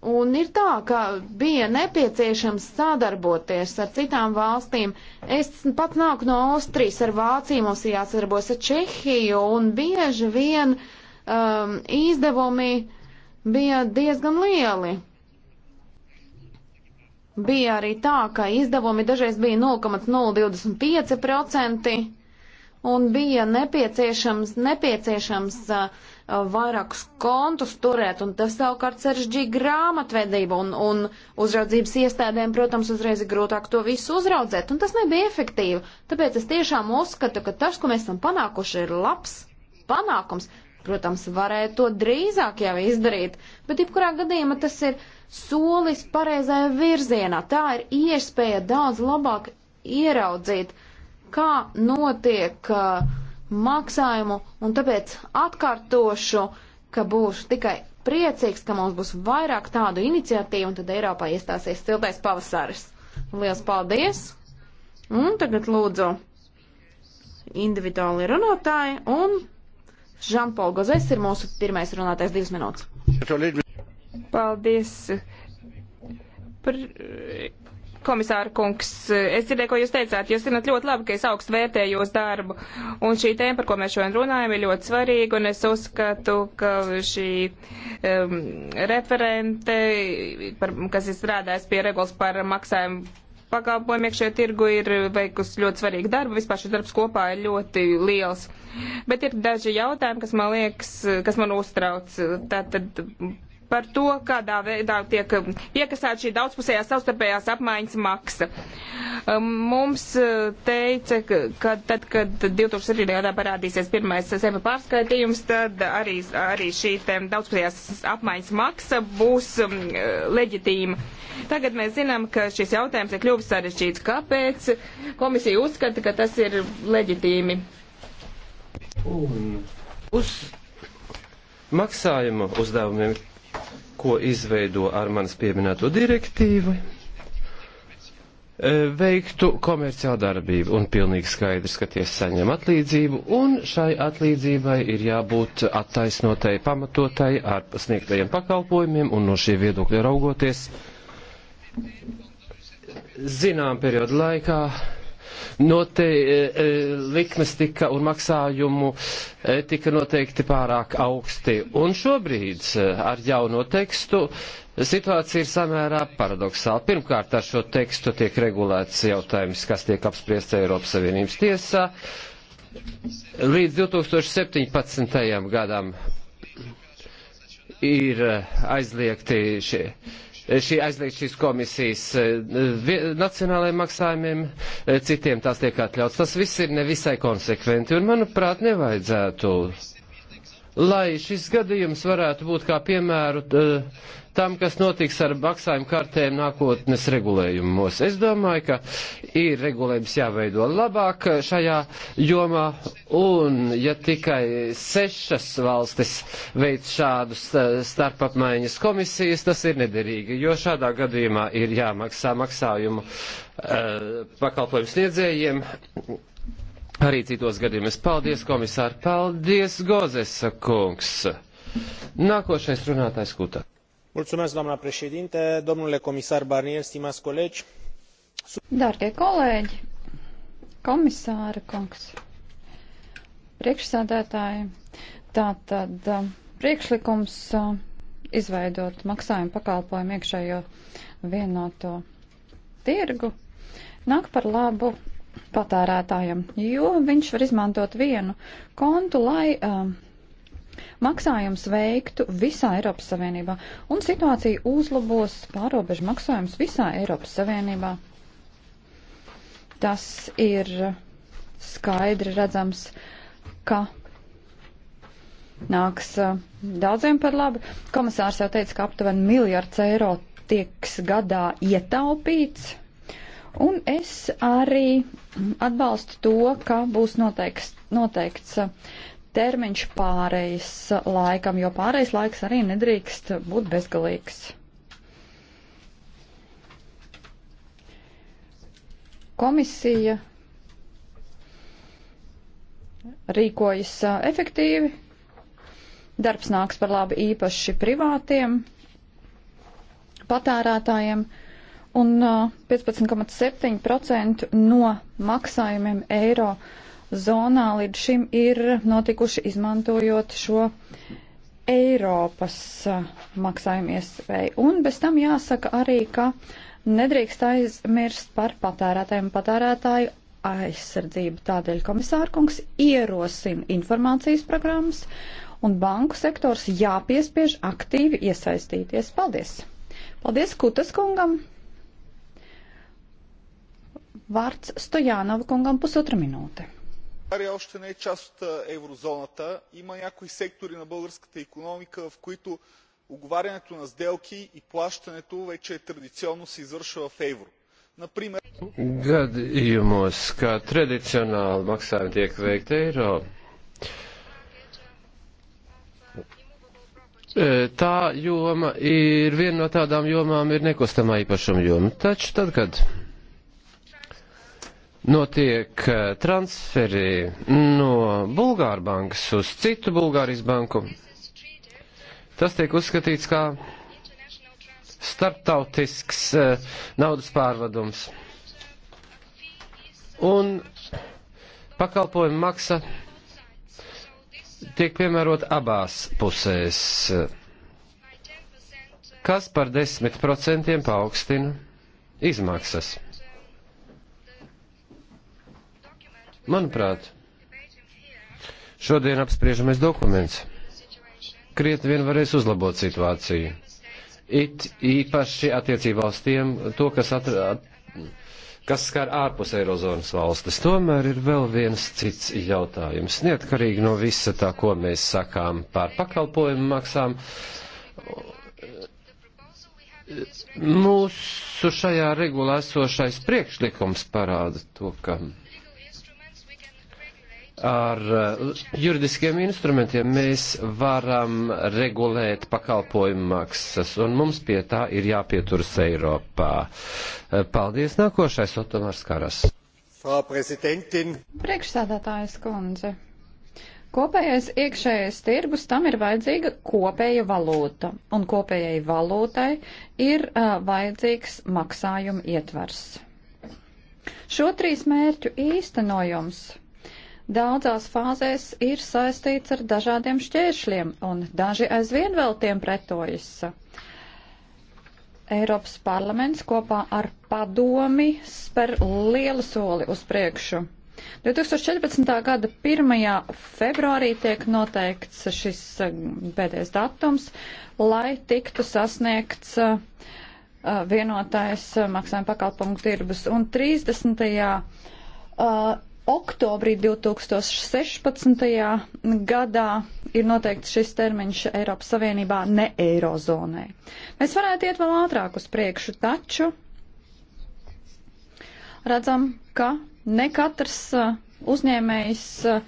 Un ir tā, ka bija nepieciešams sadarboties ar citām valstīm. Es pat nāku no Austrijas, ar Vāciju mums jāsadarbojas ar Čehiju, un bieži vien um, izdevumi bija diezgan lieli. Bija arī tā, ka izdevumi dažreiz bija 0,025% un bija nepieciešams, nepieciešams uh, vairākus kontus turēt, un tas savukārt sarežģīja grāmatvedību, un, un uzraudzības iestādēm, protams, uzreiz ir grūtāk to visu uzraudzēt, un tas nebija efektīvi. Tāpēc es tiešām uzskatu, ka tas, ko mēs esam panākuši, ir labs panākums. Protams, varēja to drīzāk jau izdarīt, bet jebkurā gadījumā tas ir solis pareizajā virzienā. Tā ir iespēja daudz labāk ieraudzīt, kā notiek uh, maksājumu, un tāpēc atkārtošu, ka būšu tikai priecīgs, ka mums būs vairāk tādu iniciatīvu, un tad Eiropā iestāsies siltais pavasaris. Lielas paldies! Un tagad lūdzu individuāli runātāji, un Žanpola Gozes ir mūsu pirmais runātais divas minūtes. Paldies. Par, komisāra kungs, es dzirdēju, ko jūs teicāt. Jūs zināt ļoti labi, ka es augstu vērtēju jūsu darbu. Un šī tēma, par ko mēs šodien runājam, ir ļoti svarīga. Un es uzskatu, ka šī um, referente, par, kas ir strādājis pie regulas par maksājumu pakalpojumu iekšējā tirgu ir veikusi ļoti svarīgu darbu. Vispār šis darbs kopā ir ļoti liels. Bet ir daži jautājumi, kas man liekas, kas man uztrauc. Tātad par to, kādā veidā tiek um, iekasēta šī daudzpusējā savstarpējās apmaiņas maksa. Um, mums uh, teica, ka tad, kad 2007. gadā parādīsies pirmais sevi pārskaitījums, tad arī, arī šī daudzpusējās apmaiņas maksa būs um, leģitīma. Tagad mēs zinām, ka šis jautājums ir kļuvis sarežģīts. Kāpēc komisija uzskata, ka tas ir leģitīmi? Un uz maksājumu uzdevumiem ko izveido ar manas pieminēto direktīvu, e, veiktu komerciālu darbību un pilnīgi skaidrs, ka tie saņem atlīdzību un šai atlīdzībai ir jābūt attaisnotai, pamatotai ar sniegtajiem pakalpojumiem un no šie viedokļi raugoties zinām periodu laikā note, e, e, likmes tika un maksājumu e, tika noteikti pārāk augsti. Un šobrīd ar jauno tekstu situācija ir samērā paradoxāla. Pirmkārt, ar šo tekstu tiek regulēts jautājums, kas tiek apspriests Eiropas Savienības tiesā. Līdz 2017. gadam ir aizliegti šie šī aizliegt šīs komisijas eh, nacionālajiem maksājumiem, eh, citiem tās tiek atļauts. Tas viss ir nevisai konsekventi un, manuprāt, nevajadzētu. Lai šis gadījums varētu būt kā piemēru eh, tam, kas notiks ar maksājumu kartēm nākotnes regulējumos. Es domāju, ka ir regulējums jāveido labāk šajā jomā, un ja tikai sešas valstis veids šādus starpapmaiņas komisijas, tas ir nederīgi, jo šādā gadījumā ir jāmaksā maksājumu eh, pakalpojumu sniedzējiem. Arī citos gadījumos. Paldies, komisāri! Paldies, Gozesa kungs! Nākošais runātājs Kutak domnule komisār Barnier, stimās kolēģi. Dārgie kolēģi, komisāra kungs, priekšsādētāji, tātad uh, priekšlikums uh, izveidot maksājumu pakalpojumu iekšējo vienoto tirgu nāk par labu patērētājam, jo viņš var izmantot vienu kontu, lai um, maksājums veiktu visā Eiropas Savienībā, un situācija uzlabos pārobežu maksājums visā Eiropas Savienībā. Tas ir skaidri redzams, ka nāks daudziem par labu. Komisārs jau teica, ka aptuveni miljards eiro tieks gadā ietaupīts. Un es arī atbalstu to, ka būs noteikts, noteikts termiņš pārejas laikam, jo pārejas laiks arī nedrīkst būt bezgalīgs. Komisija rīkojas efektīvi, darbs nāks par labu īpaši privātiem patērētājiem, un 15,7% no maksājumiem eiro uh, zonā līdz šim ir notikuši izmantojot šo Eiropas maksājumu iespēju. Un bez tam jāsaka arī, ka nedrīkst aizmirst par patērētājiem patērētāju aizsardzību. Tādēļ komisārkungs ierosina informācijas programmas un banku sektors jāpiespiež aktīvi iesaistīties. Paldies! Paldies Kutas kungam! Vārds Stojānova kungam pusotra minūte. България още не е част от еврозоната. Има някои сектори на българската економика, в които уговарянето на сделки и плащането вече традиционно се извършва в евро. Например... Gadījumos, kā tradicionāli maksājumi tiek veikti eiro, tā joma ir viena no tādām jomām ir nekustamā īpašuma joma. Taču tad, kad notiek eh, transferi no Bulgāru bankas uz citu Bulgārijas banku, tas tiek uzskatīts kā starptautisks eh, naudas pārvadums. Un pakalpojuma maksa tiek piemērot abās pusēs, kas par 10% paaugstina izmaksas. Manuprāt, šodien apspriežamais dokuments krietni vien varēs uzlabot situāciju. It īpaši attiecībā uz tiem, to, kas, atra, kas skar ārpus Eirozonas valstis. Tomēr ir vēl viens cits jautājums. Neatkarīgi no visa tā, ko mēs sakām par pakalpojumu maksām, mūsu šajā regulā esošais priekšlikums parāda to, ka ar uh, juridiskiem instrumentiem mēs varam regulēt pakalpojumu maksas, un mums pie tā ir jāpieturas Eiropā. Uh, paldies, nākošais Otomārs Karas. Priekšsēdētājas kundze. Kopējais iekšējais tirgus tam ir vajadzīga kopēja valūta, un kopējai valūtai ir uh, vajadzīgs maksājuma ietvers. Šo trīs mērķu īstenojums daudzās fāzēs ir saistīts ar dažādiem šķēršļiem, un daži aizvien vēl tiem pretojas. Eiropas parlaments kopā ar padomi spēr lielu soli uz priekšu. 2014. gada 1. februārī tiek noteikts šis eh, pēdējais datums, lai tiktu sasniegts eh, vienotais eh, maksājuma pakalpojumu tirbus. Un 30 oktobrī 2016. gadā ir noteikts šis termiņš Eiropas Savienībā ne Eirozonai. Mēs varētu iet vēl ātrāk uz priekšu, taču redzam, ka ne katrs uh, uzņēmējs uh,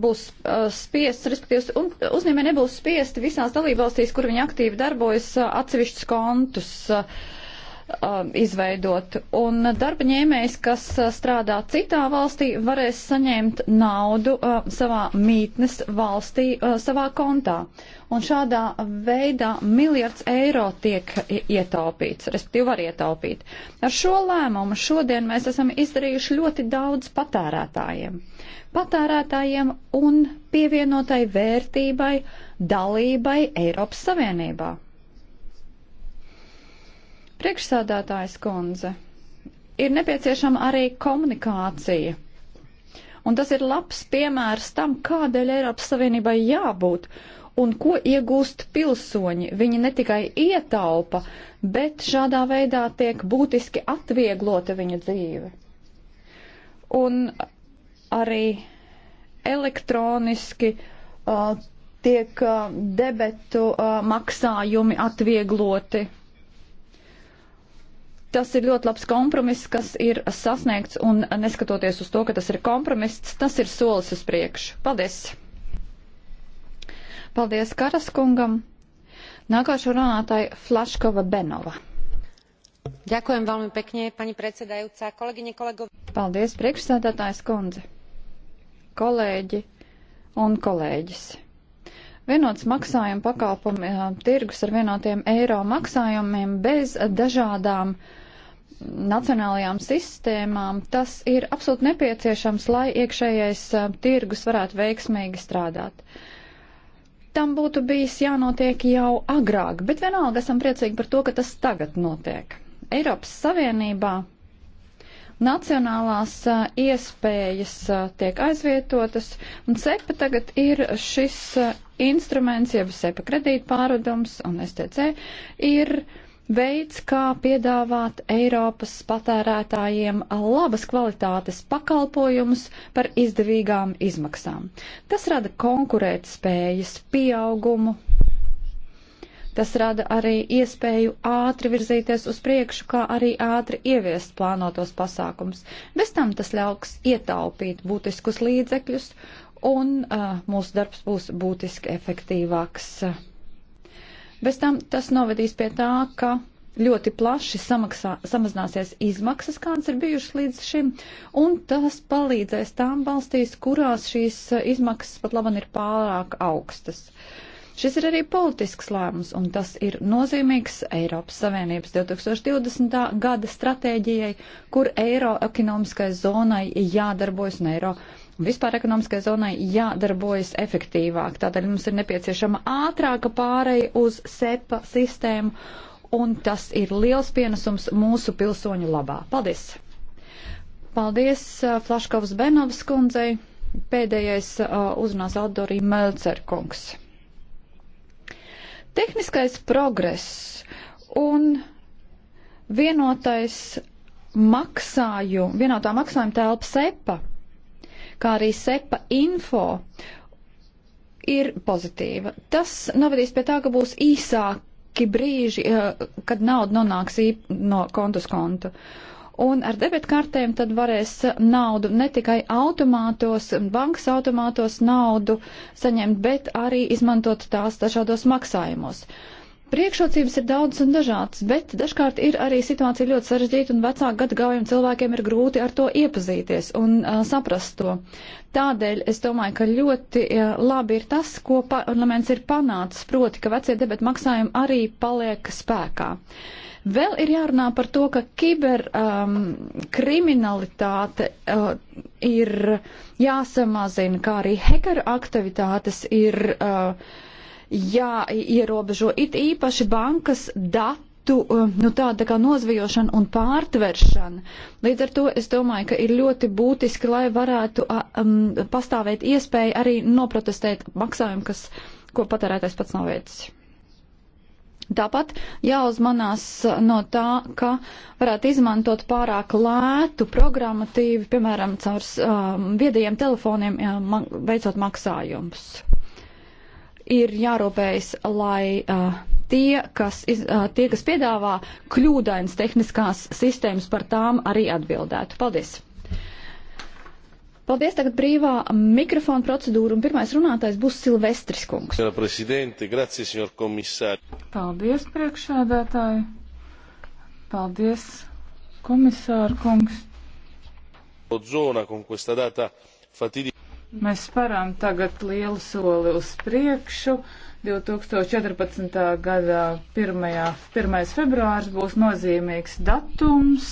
būs uh, spiests, respektīvi uzņēmēji nebūs spiesti visās dalībvalstīs, kur viņi aktīvi darbojas, atsevišķus kontus uh, Uh, izveidot. Un darba ņēmējs, kas uh, strādā citā valstī, varēs saņemt naudu uh, savā mītnes valstī, savā kontā. Un šādā veidā miljards eiro tiek ietaupīts, respektīvi var ietaupīt. Ar šo lēmumu šodien mēs esam izdarījuši ļoti daudz patērētājiem. Patērētājiem un pievienotai vērtībai, dalībai Eiropas Savienībā. Priekšsādātājs kundze, ir nepieciešama arī komunikācija. Un tas ir labs piemērs tam, kādēļ Eiropas Savienībai jābūt un ko iegūst pilsoņi. Viņi ne tikai ietaupa, bet šādā veidā tiek būtiski atvieglota viņu dzīve. Un arī elektroniski uh, tiek uh, debetu uh, maksājumi atviegloti tas ir ļoti labs kompromiss, kas ir sasniegts, un neskatoties uz to, ka tas ir kompromiss, tas ir solis uz priekšu. Paldies! Paldies Karaskungam! Nākošo runātāju Flaškova Benova. Ďakujem veľmi pekne, pani predsedajúca, kolegyne, kolegovi. Paldies, priekšsēdētājs kundze, kolēģi un kolēģis. Vienots maksājuma pakalpumi tirgus ar vienotiem eiro maksājumiem bez dažādām nacionālajām sistēmām, tas ir absolūti nepieciešams, lai iekšējais tirgus varētu veiksmīgi strādāt. Tam būtu bijis jānotiek jau agrāk, bet vienalga esam priecīgi par to, ka tas tagad notiek. Eiropas Savienībā Nacionālās a, eh, iespējas a, eh, tiek aizvietotas, un SEPA tagad ir šis a, eh, instruments, jeb SEPA kredīta pārvedums un STC, ir veids, kā piedāvāt Eiropas patērētājiem labas kvalitātes pakalpojumus par izdevīgām izmaksām. Tas rada konkurētspējas pieaugumu Tas rada arī iespēju ātri virzīties uz priekšu, kā arī ātri ieviest plānotos pasākums. Bez tam tas ļauks ietaupīt būtiskus līdzekļus un uh, mūsu darbs būs būtiski efektīvāks. Bez tam tas novedīs pie tā, ka ļoti plaši samaksā, samazināsies izmaksas, kādas ir bijušas līdz šim, un tas palīdzēs tām valstīs, kurās šīs uh, izmaksas pat laban ir pārāk augstas. Uh, Šis ir arī politisks lēmums, un tas ir nozīmīgs Eiropas Savienības 2020. gada stratēģijai, kur eiro ekonomiskai zonai jādarbojas un eiro. Vispār ekonomiskai zonai jādarbojas efektīvāk, tādēļ mums ir nepieciešama ātrāka pāreja uz SEPA sistēmu, un tas ir liels pienesums mūsu pilsoņu labā. Paldies! Paldies uh, Flaškovs Benovs kundzei. Pēdējais uh, uzrunās Aldorī Melcerkungs. Tehniskais progress un vienotais maksājumu, vienotā maksājuma telpa SEPA, kā arī SEPA info ir pozitīva. Tas novadīs pie tā, ka būs īsāki brīži, eh, kad nauda nonāks no kontas kontu. Un ar debetkartēm tad varēs naudu ne tikai automātos, bankas automātos naudu saņemt, bet arī izmantot tās dažādos maksājumos. Priekšrocības ir daudz un dažādas, bet dažkārt ir arī situācija ļoti sarežģīta un vecāku gadagājiem cilvēkiem ir grūti ar to iepazīties un uh, saprast to. Tādēļ es domāju, ka ļoti uh, labi ir tas, ko parlaments ir panācis, proti, ka vecie debet maksājumi arī paliek spēkā. Uh, Vēl ir jārunā par to, ka kiberkriminalitāte um, uh, ir jāsamazina, kā arī hekaru aktivitātes ir uh, jāierobežo it īpaši bankas dati būtu uh, nu, tāda kā nozvijošana un pārtveršana. Līdz ar to es domāju, ka ir ļoti būtiski, lai varētu um, pastāvēt iespēja arī noprotestēt maksājumu, kas, ko patērētājs pats nav veicis. Tāpat jāuzmanās no tā, ka varētu izmantot pārāk lētu programmatīvu, piemēram, caur um, viedajiem telefoniem, ja, veicot maksājumus. Ir jārūpējas, lai uh, tie, kas, iz, uh, tie, kas piedāvā kļūdainas tehniskās sistēmas, par tām arī atbildētu. Paldies! Paldies, tagad brīvā mikrofona procedūra, un pirmais runātājs būs Silvestris Kungs. Grazie, Paldies, priekšsēdētāji. Paldies, komisāra Kungs. Mēs spērām tagad lielu soli uz priekšu 2014. gada 1. 1. februārs būs nozīmīgs datums,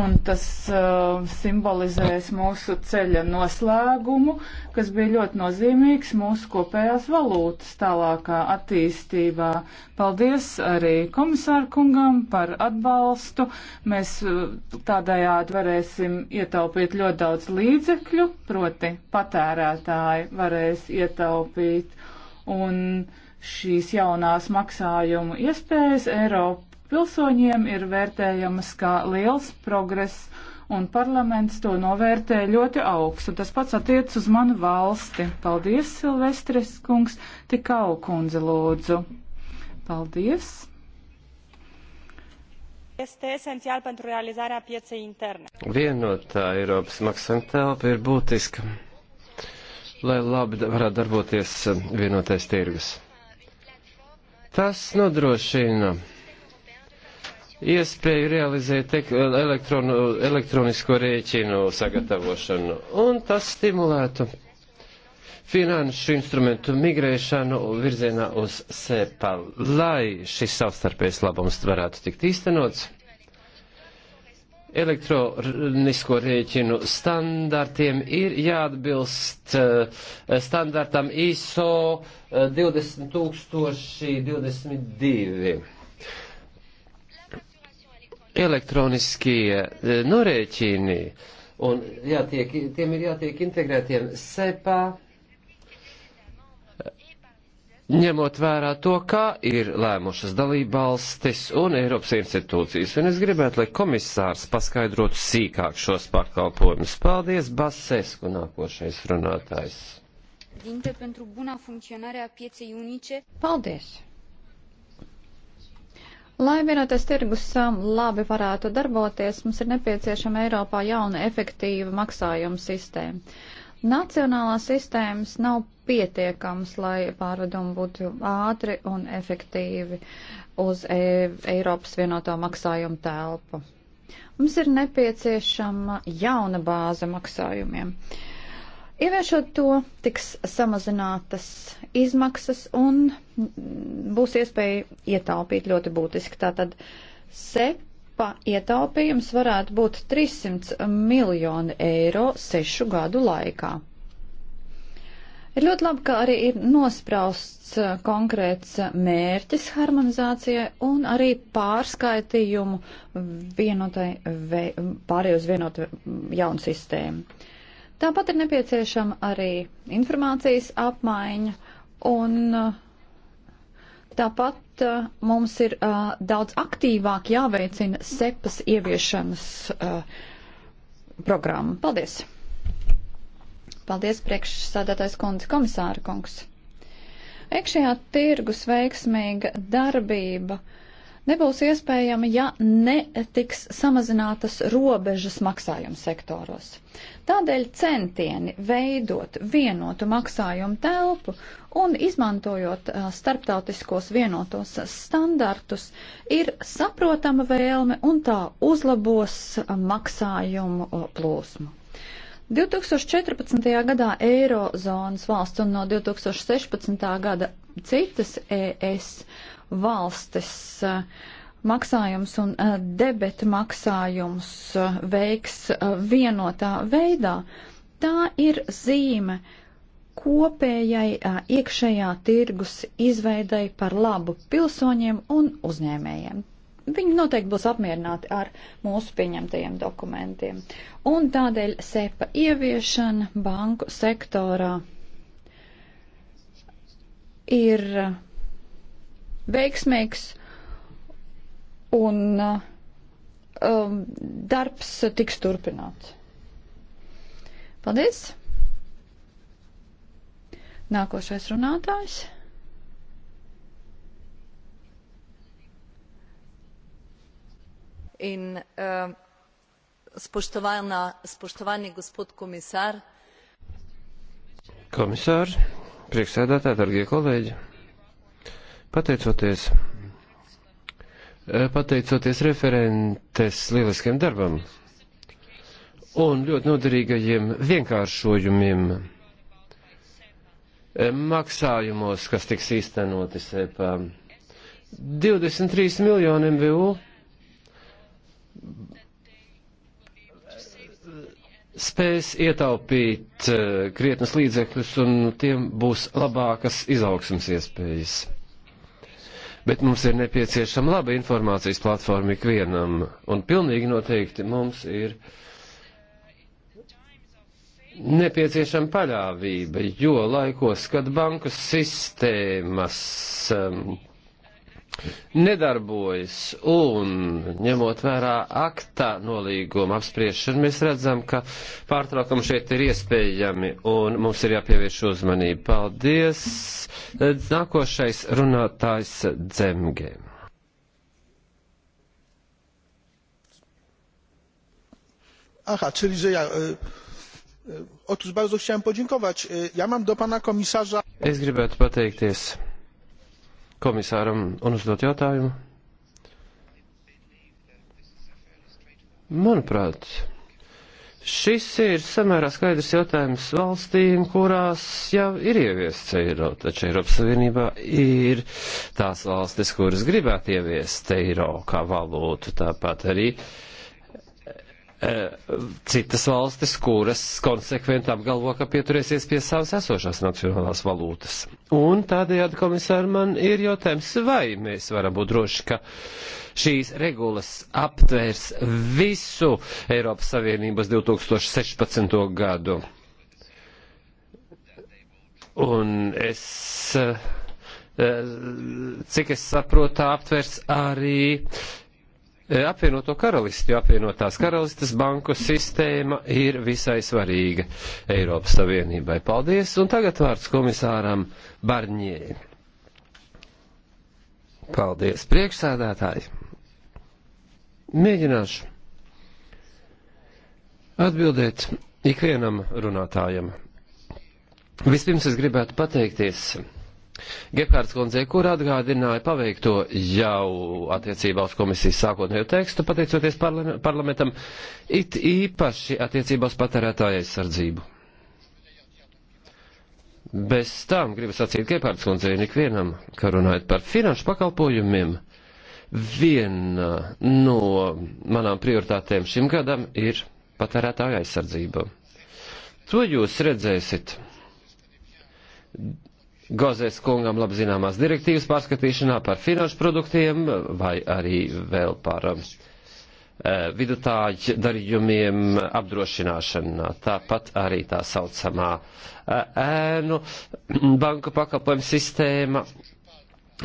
un tas uh, simbolizēs mūsu ceļa noslēgumu, kas bija ļoti nozīmīgs mūsu kopējās valūtas tālākā attīstībā. Paldies arī komisārkungam par atbalstu. Mēs uh, tādējādi varēsim ietaupīt ļoti daudz līdzekļu, proti patērētāji varēs ietaupīt. Un, uh, Šīs jaunās maksājumu iespējas Eiropa pilsoņiem ir vērtējamas kā liels progress, un parlaments to novērtē ļoti augstu. Tas pats attiec uz manu valsti. Paldies, Silvestris kungs, tik augundze lūdzu. Paldies! este esențial pentru realizarea pieței interne. Vienotā Eiropas maksājuma telpa ir būtiska, lai labi varētu darboties vienotais tirgus. Tas nodrošina iespēju realizēt elektronu, elektronisko rēķinu sagatavošanu, un tas stimulētu finanšu instrumentu migrēšanu virzienā uz SEPA, lai šis savstarpējs labums varētu tikt īstenots elektronisko rēķinu standartiem ir jāatbilst eh, standartam ISO 20022. Eh, Elektroniskie eh, norēķini un jātiek, tiem ir jātiek integrētiem SEPA ņemot vērā to, kā ir lēmušas dalībvalstis un Eiropas institūcijas. Un es gribētu, lai komisārs paskaidrotu sīkāk šos pakalpojumus. Paldies, Basesku, nākošais runātājs. Paldies! Lai vienoties tirgus um, labi varētu darboties, mums ir nepieciešama Eiropā jauna efektīva maksājuma sistēma. Nacionālās sistēmas nav pietiekamas, lai pārvedumi būtu ātri un efektīvi uz e Eiropas vienoto maksājumu telpu. Mums ir nepieciešama jauna bāze maksājumiem. Ieviešot to, tiks samazinātas izmaksas un būs iespēja ietaupīt ļoti būtiski. Tātad sep pa ietaupījums varētu būt 300 miljoni eiro sešu gadu laikā. Ir ļoti labi, ka arī ir nosprausts eh, konkrēts mērķis harmonizācijai un arī pārskaitījumu vienotai, pārēj uz vienotu mm, jaunu sistēmu. Tāpat ir nepieciešama arī informācijas apmaiņa un eh, tāpat bet uh, mums ir uh, daudz aktīvāk jāveicina sepas ieviešanas uh, programma. Paldies! Paldies, priekšsādātais kundze, komisāra kungs! Iekšējā tirgus veiksmīga darbība uh, nebūs iespējami, ja netiks samazinātas robežas maksājumu sektoros. Tādēļ centieni veidot vienotu maksājumu telpu un izmantojot starptautiskos vienotos standartus ir saprotama vēlme un tā uzlabos maksājumu plūsmu. 2014. gadā Eirozonas valsts un no 2016. gada citas ES valstis eh, maksājums un eh, debeta maksājums eh, veiks vienotā veidā. Tā ir zīme kopējai iekšējā tirgus izveidai par labu pilsoņiem un uzņēmējiem. Viņi noteikti būs apmierināti ar mūsu pieņemtajiem dokumentiem. Un tādēļ sepa ieviešana banku sektorā ir veiksmīgs un uh, um, darbs tiks turpināts. Paldies! Nākošais runātājs. in uh, spoštovana, spoštovani gospod komisar. Komisār, priekšsēdētāji, darbie kolēģi. Pateicoties, eh, pateicoties referentes lieliskiem darbam un ļoti noderīgajiem vienkāršojumiem eh, maksājumos, kas tiks īstenoti SEPA. 23 miljoni MVU spēs ietaupīt eh, krietnes līdzekļus un tiem būs labākas izaugsmas iespējas bet mums ir nepieciešama laba informācijas platforma ikvienam, un pilnīgi noteikti mums ir nepieciešama paļāvība, jo laikos, kad banku sistēmas um, nedarbojas un ņemot vērā akta nolīguma apspriešanu, mēs redzam, ka pārtraukumi šeit ir iespējami un mums ir jāpievērš uzmanība. Paldies! Nākošais runātājs Dzemgē. Aha, czyli że ja. Y, e, y, e, otóż bardzo chciałem podziękować. Y, e, ja mam do pana komisarza. Es gribētu pateikties komisāram un uzdot jautājumu. Manuprāt, Šis ir samērā skaidrs jautājums valstīm, kurās jau ir ieviests eiro, taču Eiropas Savienībā ir tās valstis, kuras gribētu ieviest eiro kā valūtu, tāpat arī e, citas valstis, kuras konsekventi apgalvo, ka pieturēsies pie savas esošās nacionālās valūtas. Un tādējādi, komisāri, man ir jautājums, vai mēs varam būt droši, ka šīs regulas aptvērs visu Eiropas Savienības 2016. gadu. Un es, eh, eh, cik es saprotu, aptvērs arī Eh, apvienoto karalisti, jo apvienotās karalistas banku sistēma ir visai svarīga Eiropas Savienībai. Paldies, un tagad vārds komisāram Barņē. Paldies, priekšsādātāji. Mēģināšu atbildēt ikvienam runātājam. Vispirms es gribētu pateikties Gebhārds Kundzei, kur atgādināja paveikto jau attiecībā uz komisijas sākotnējo tekstu, pateicoties parlamentam, it īpaši attiecībā uz patērētāju aizsardzību. Bez tam, gribu sacīt Gebhārds Kundzei, ikvienam, ka runājot par finanšu pakalpojumiem, viena no manām prioritātēm šim gadam ir patērētāju aizsardzība. To jūs redzēsiet Gozēs kungam labi zināmās direktīvas pārskatīšanā par finanšu produktiem vai arī vēl par uh, vidutāju darījumiem apdrošināšanā. Tāpat arī tā saucamā eh, ēnu uh, banku pakalpojumu sistēma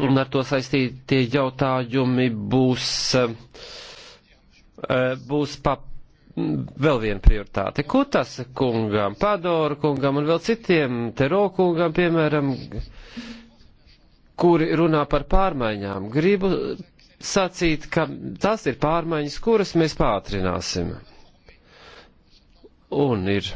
un ar to saistītie jautājumi būs, uh, būs pap vēl viena prioritāte. Kutas kungam, Padoru kungam un vēl citiem Tero kungam, piemēram, kuri runā par pārmaiņām. Gribu sacīt, ka tas ir pārmaiņas, kuras mēs pātrināsim. Un ir.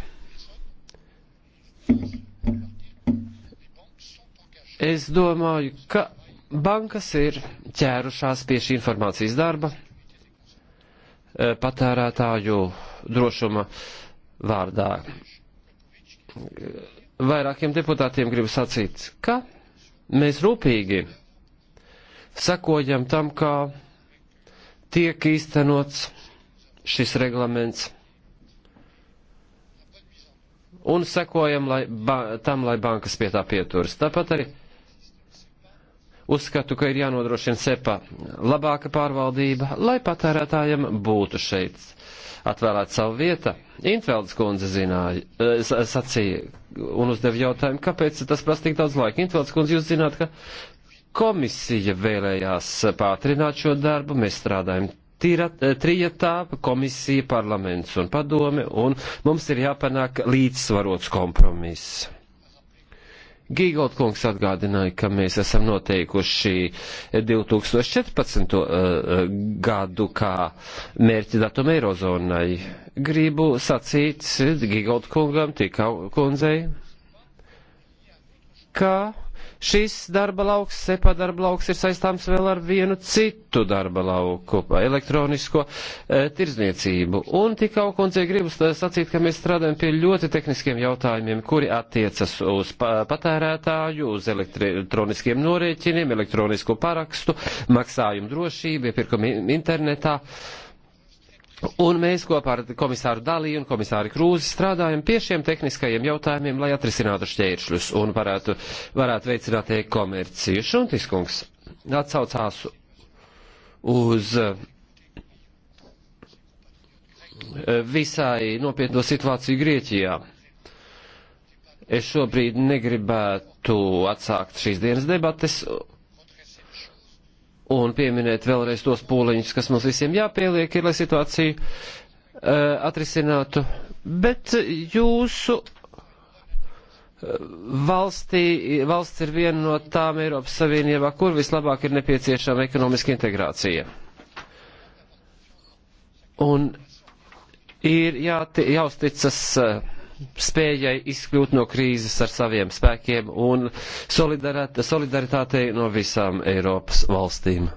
Es domāju, ka bankas ir ķērušās pie šī informācijas darba, Eh, patērētāju drošuma vārdā. Vairākiem deputātiem gribu sacīt, ka mēs rūpīgi sakojam tam, kā tiek īstenots šis reglaments un sekojam lai, ba, tam, lai bankas pie tā pieturas. Tāpat arī Uzskatu, ka ir jānodrošina sepa labāka pārvaldība, lai patērētājiem būtu šeit atvēlēt savu vietu. Intveldes kundze zināja, eh, sacīja un uzdeva jautājumu, kāpēc tas prasa tik daudz laika. Intveldes kundze, jūs zināt, ka komisija vēlējās pātrināt šo darbu, mēs strādājam eh, trijatā komisija, parlaments un padome, un mums ir jāpanāk līdzsvarots kompromiss. Gīgold kungs atgādināja, ka mēs esam noteikuši 2014. Eh, eh, gadu kā mērķi datumu Eirozonai. Gribu sacīt Gīgold kungam, tikā kundzei, ka Šis darba lauks, sepa darba lauks, ir saistāms vēl ar vienu citu darba lauku - elektronisko e, eh, tirdzniecību. Un tik augundzie gribu sacīt, ka mēs strādājam pie ļoti tehniskiem jautājumiem, kuri attiecas uz patērētāju, uz elektroniskiem norēķiniem, elektronisko parakstu, maksājumu drošību, iepirkumu internetā. E, Un mēs kopā ar komisāru Dalī un komisāru Krūzi strādājam pie šiem tehniskajiem jautājumiem, lai atrisinātu šķēršļus un varētu, varētu veicināt e-komerciju. Šuntiskungs atsaucās uz eh, visai nopietno situāciju Grieķijā. Es šobrīd negribētu atsākt šīs dienas debates un pieminēt vēlreiz tos pūliņus, kas mums visiem jāpieliek, ir, lai situāciju uh, atrisinātu. Bet jūsu eh, valstī, valsts ir viena no tām Eiropas Savienībā, kur vislabāk ir nepieciešama ekonomiska integrācija. Un ir jā, jāuzticas. Uh, spējai izkļūt no krīzes ar saviem spēkiem un solidaritātei no visām Eiropas valstīm.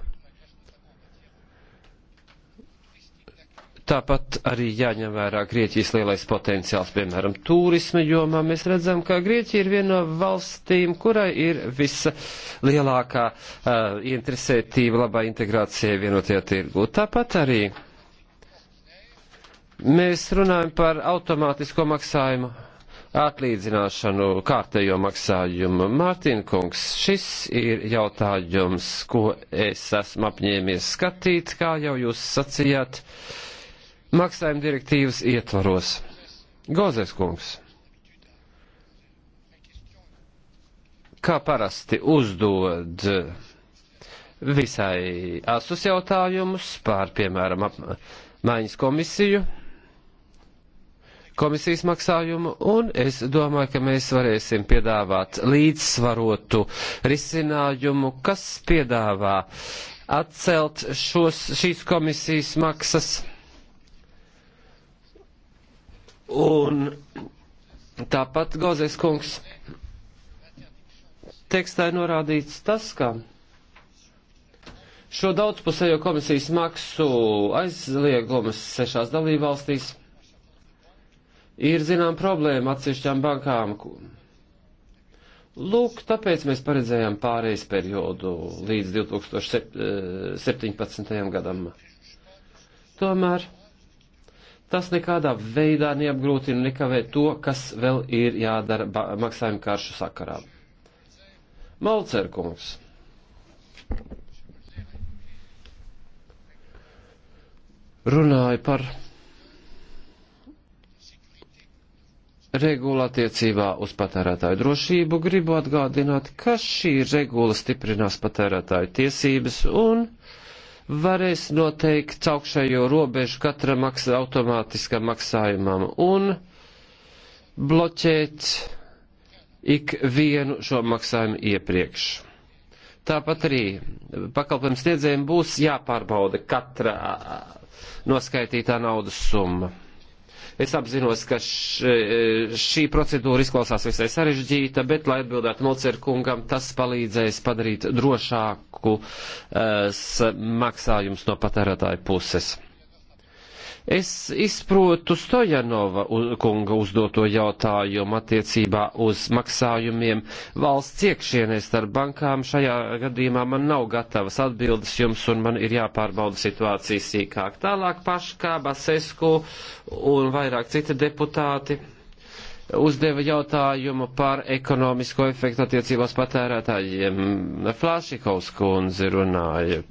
Tāpat arī jāņem vērā Grieķijas lielais potenciāls, piemēram, turisma jomā. Mēs redzam, ka Grieķija ir viena no valstīm, kurai ir vislielākā uh, interesētība labai integrācijai vienotajā tirgu. Tāpat arī uh, Mēs runājam par automātisko maksājumu atlīdzināšanu kārtējo maksājumu. Mārtiņa kungs, šis ir jautājums, ko es esmu apņēmies skatīt, kā jau jūs sacījāt, maksājuma direktīvas ietvaros. Gozes kungs, kā parasti uzdod visai asus jautājumus pār, piemēram, apmaiņas komisiju, komisijas maksājumu, un es domāju, ka mēs varēsim piedāvāt līdzsvarotu risinājumu, kas piedāvā atcelt šos, šīs komisijas maksas. Un tāpat Gozēs kungs tekstā ir norādīts tas, ka šo daudzpusējo komisijas maksu aizliegumus sešās dalībvalstīs ir zinām problēma atsevišķām bankām. Lūk, tāpēc mēs paredzējām pārejas periodu līdz 2017. gadam. Tomēr tas nekādā veidā neapgrūtina nekavē to, kas vēl ir jādara maksājuma karšu sakarā. Malcerkungs. Runāju par regula attiecībā uz patērētāju drošību, gribu atgādināt, ka šī regula stiprinās patērētāju tiesības un varēs noteikt caukšējo robežu katra maksa automātiskam maksājumam un bloķēt ik vienu šo maksājumu iepriekš. Tāpat arī pakalpojums sniedzējiem būs jāpārbauda katra noskaitītā naudas summa. Es apzinos, ka š, e, šī procedūra izklausās visai sarežģīta, bet, lai atbildētu Mocerkungam, tas palīdzēs padarīt drošāku uh, maksājums no patērētāju puses. Es izprotu Stojanova kunga uzdoto jautājumu attiecībā uz maksājumiem valsts iekšienē starp bankām. Šajā gadījumā man nav gatavas atbildes jums un man ir jāpārbauda situācija sīkāk. Tālāk Paškā, Basesku un vairāk citi deputāti uzdeva jautājumu par ekonomisko efektu attiecībās patērētājiem. Flāšikovs kundze runāja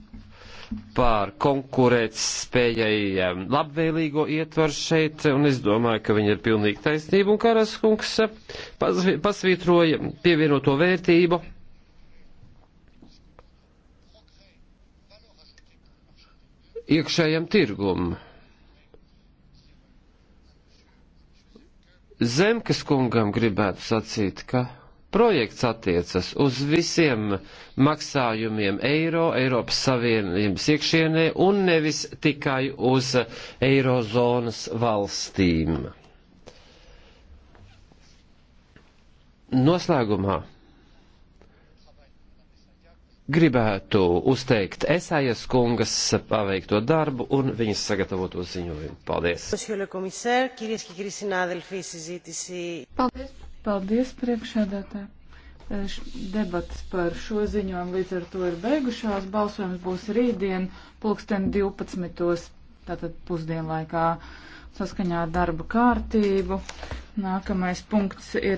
par konkurēt spējai labvēlīgo ietvaru šeit, un es domāju, ka viņa ir pilnīgi taisnība, un Karaskungs eh, pasvītroja pievienoto vērtību. Iekšējam tirgumam. Zemkes kungam gribētu sacīt, ka projekts attiecas uz visiem maksājumiem eiro Eiropas Savienības iekšienē un nevis tikai uz eirozonas valstīm. Noslēgumā gribētu uzteikt Esājas kungas paveikto darbu un viņas sagatavoto ziņojumu. Paldies! Paldies! Paldies, priekšsēdētāji! Debats par šo ziņojumu līdz ar to ir beigušās. Balsojums būs rītdien, pulksten 12. tātad pusdienlaikā saskaņā ar darba kārtību. Nākamais punkts ir.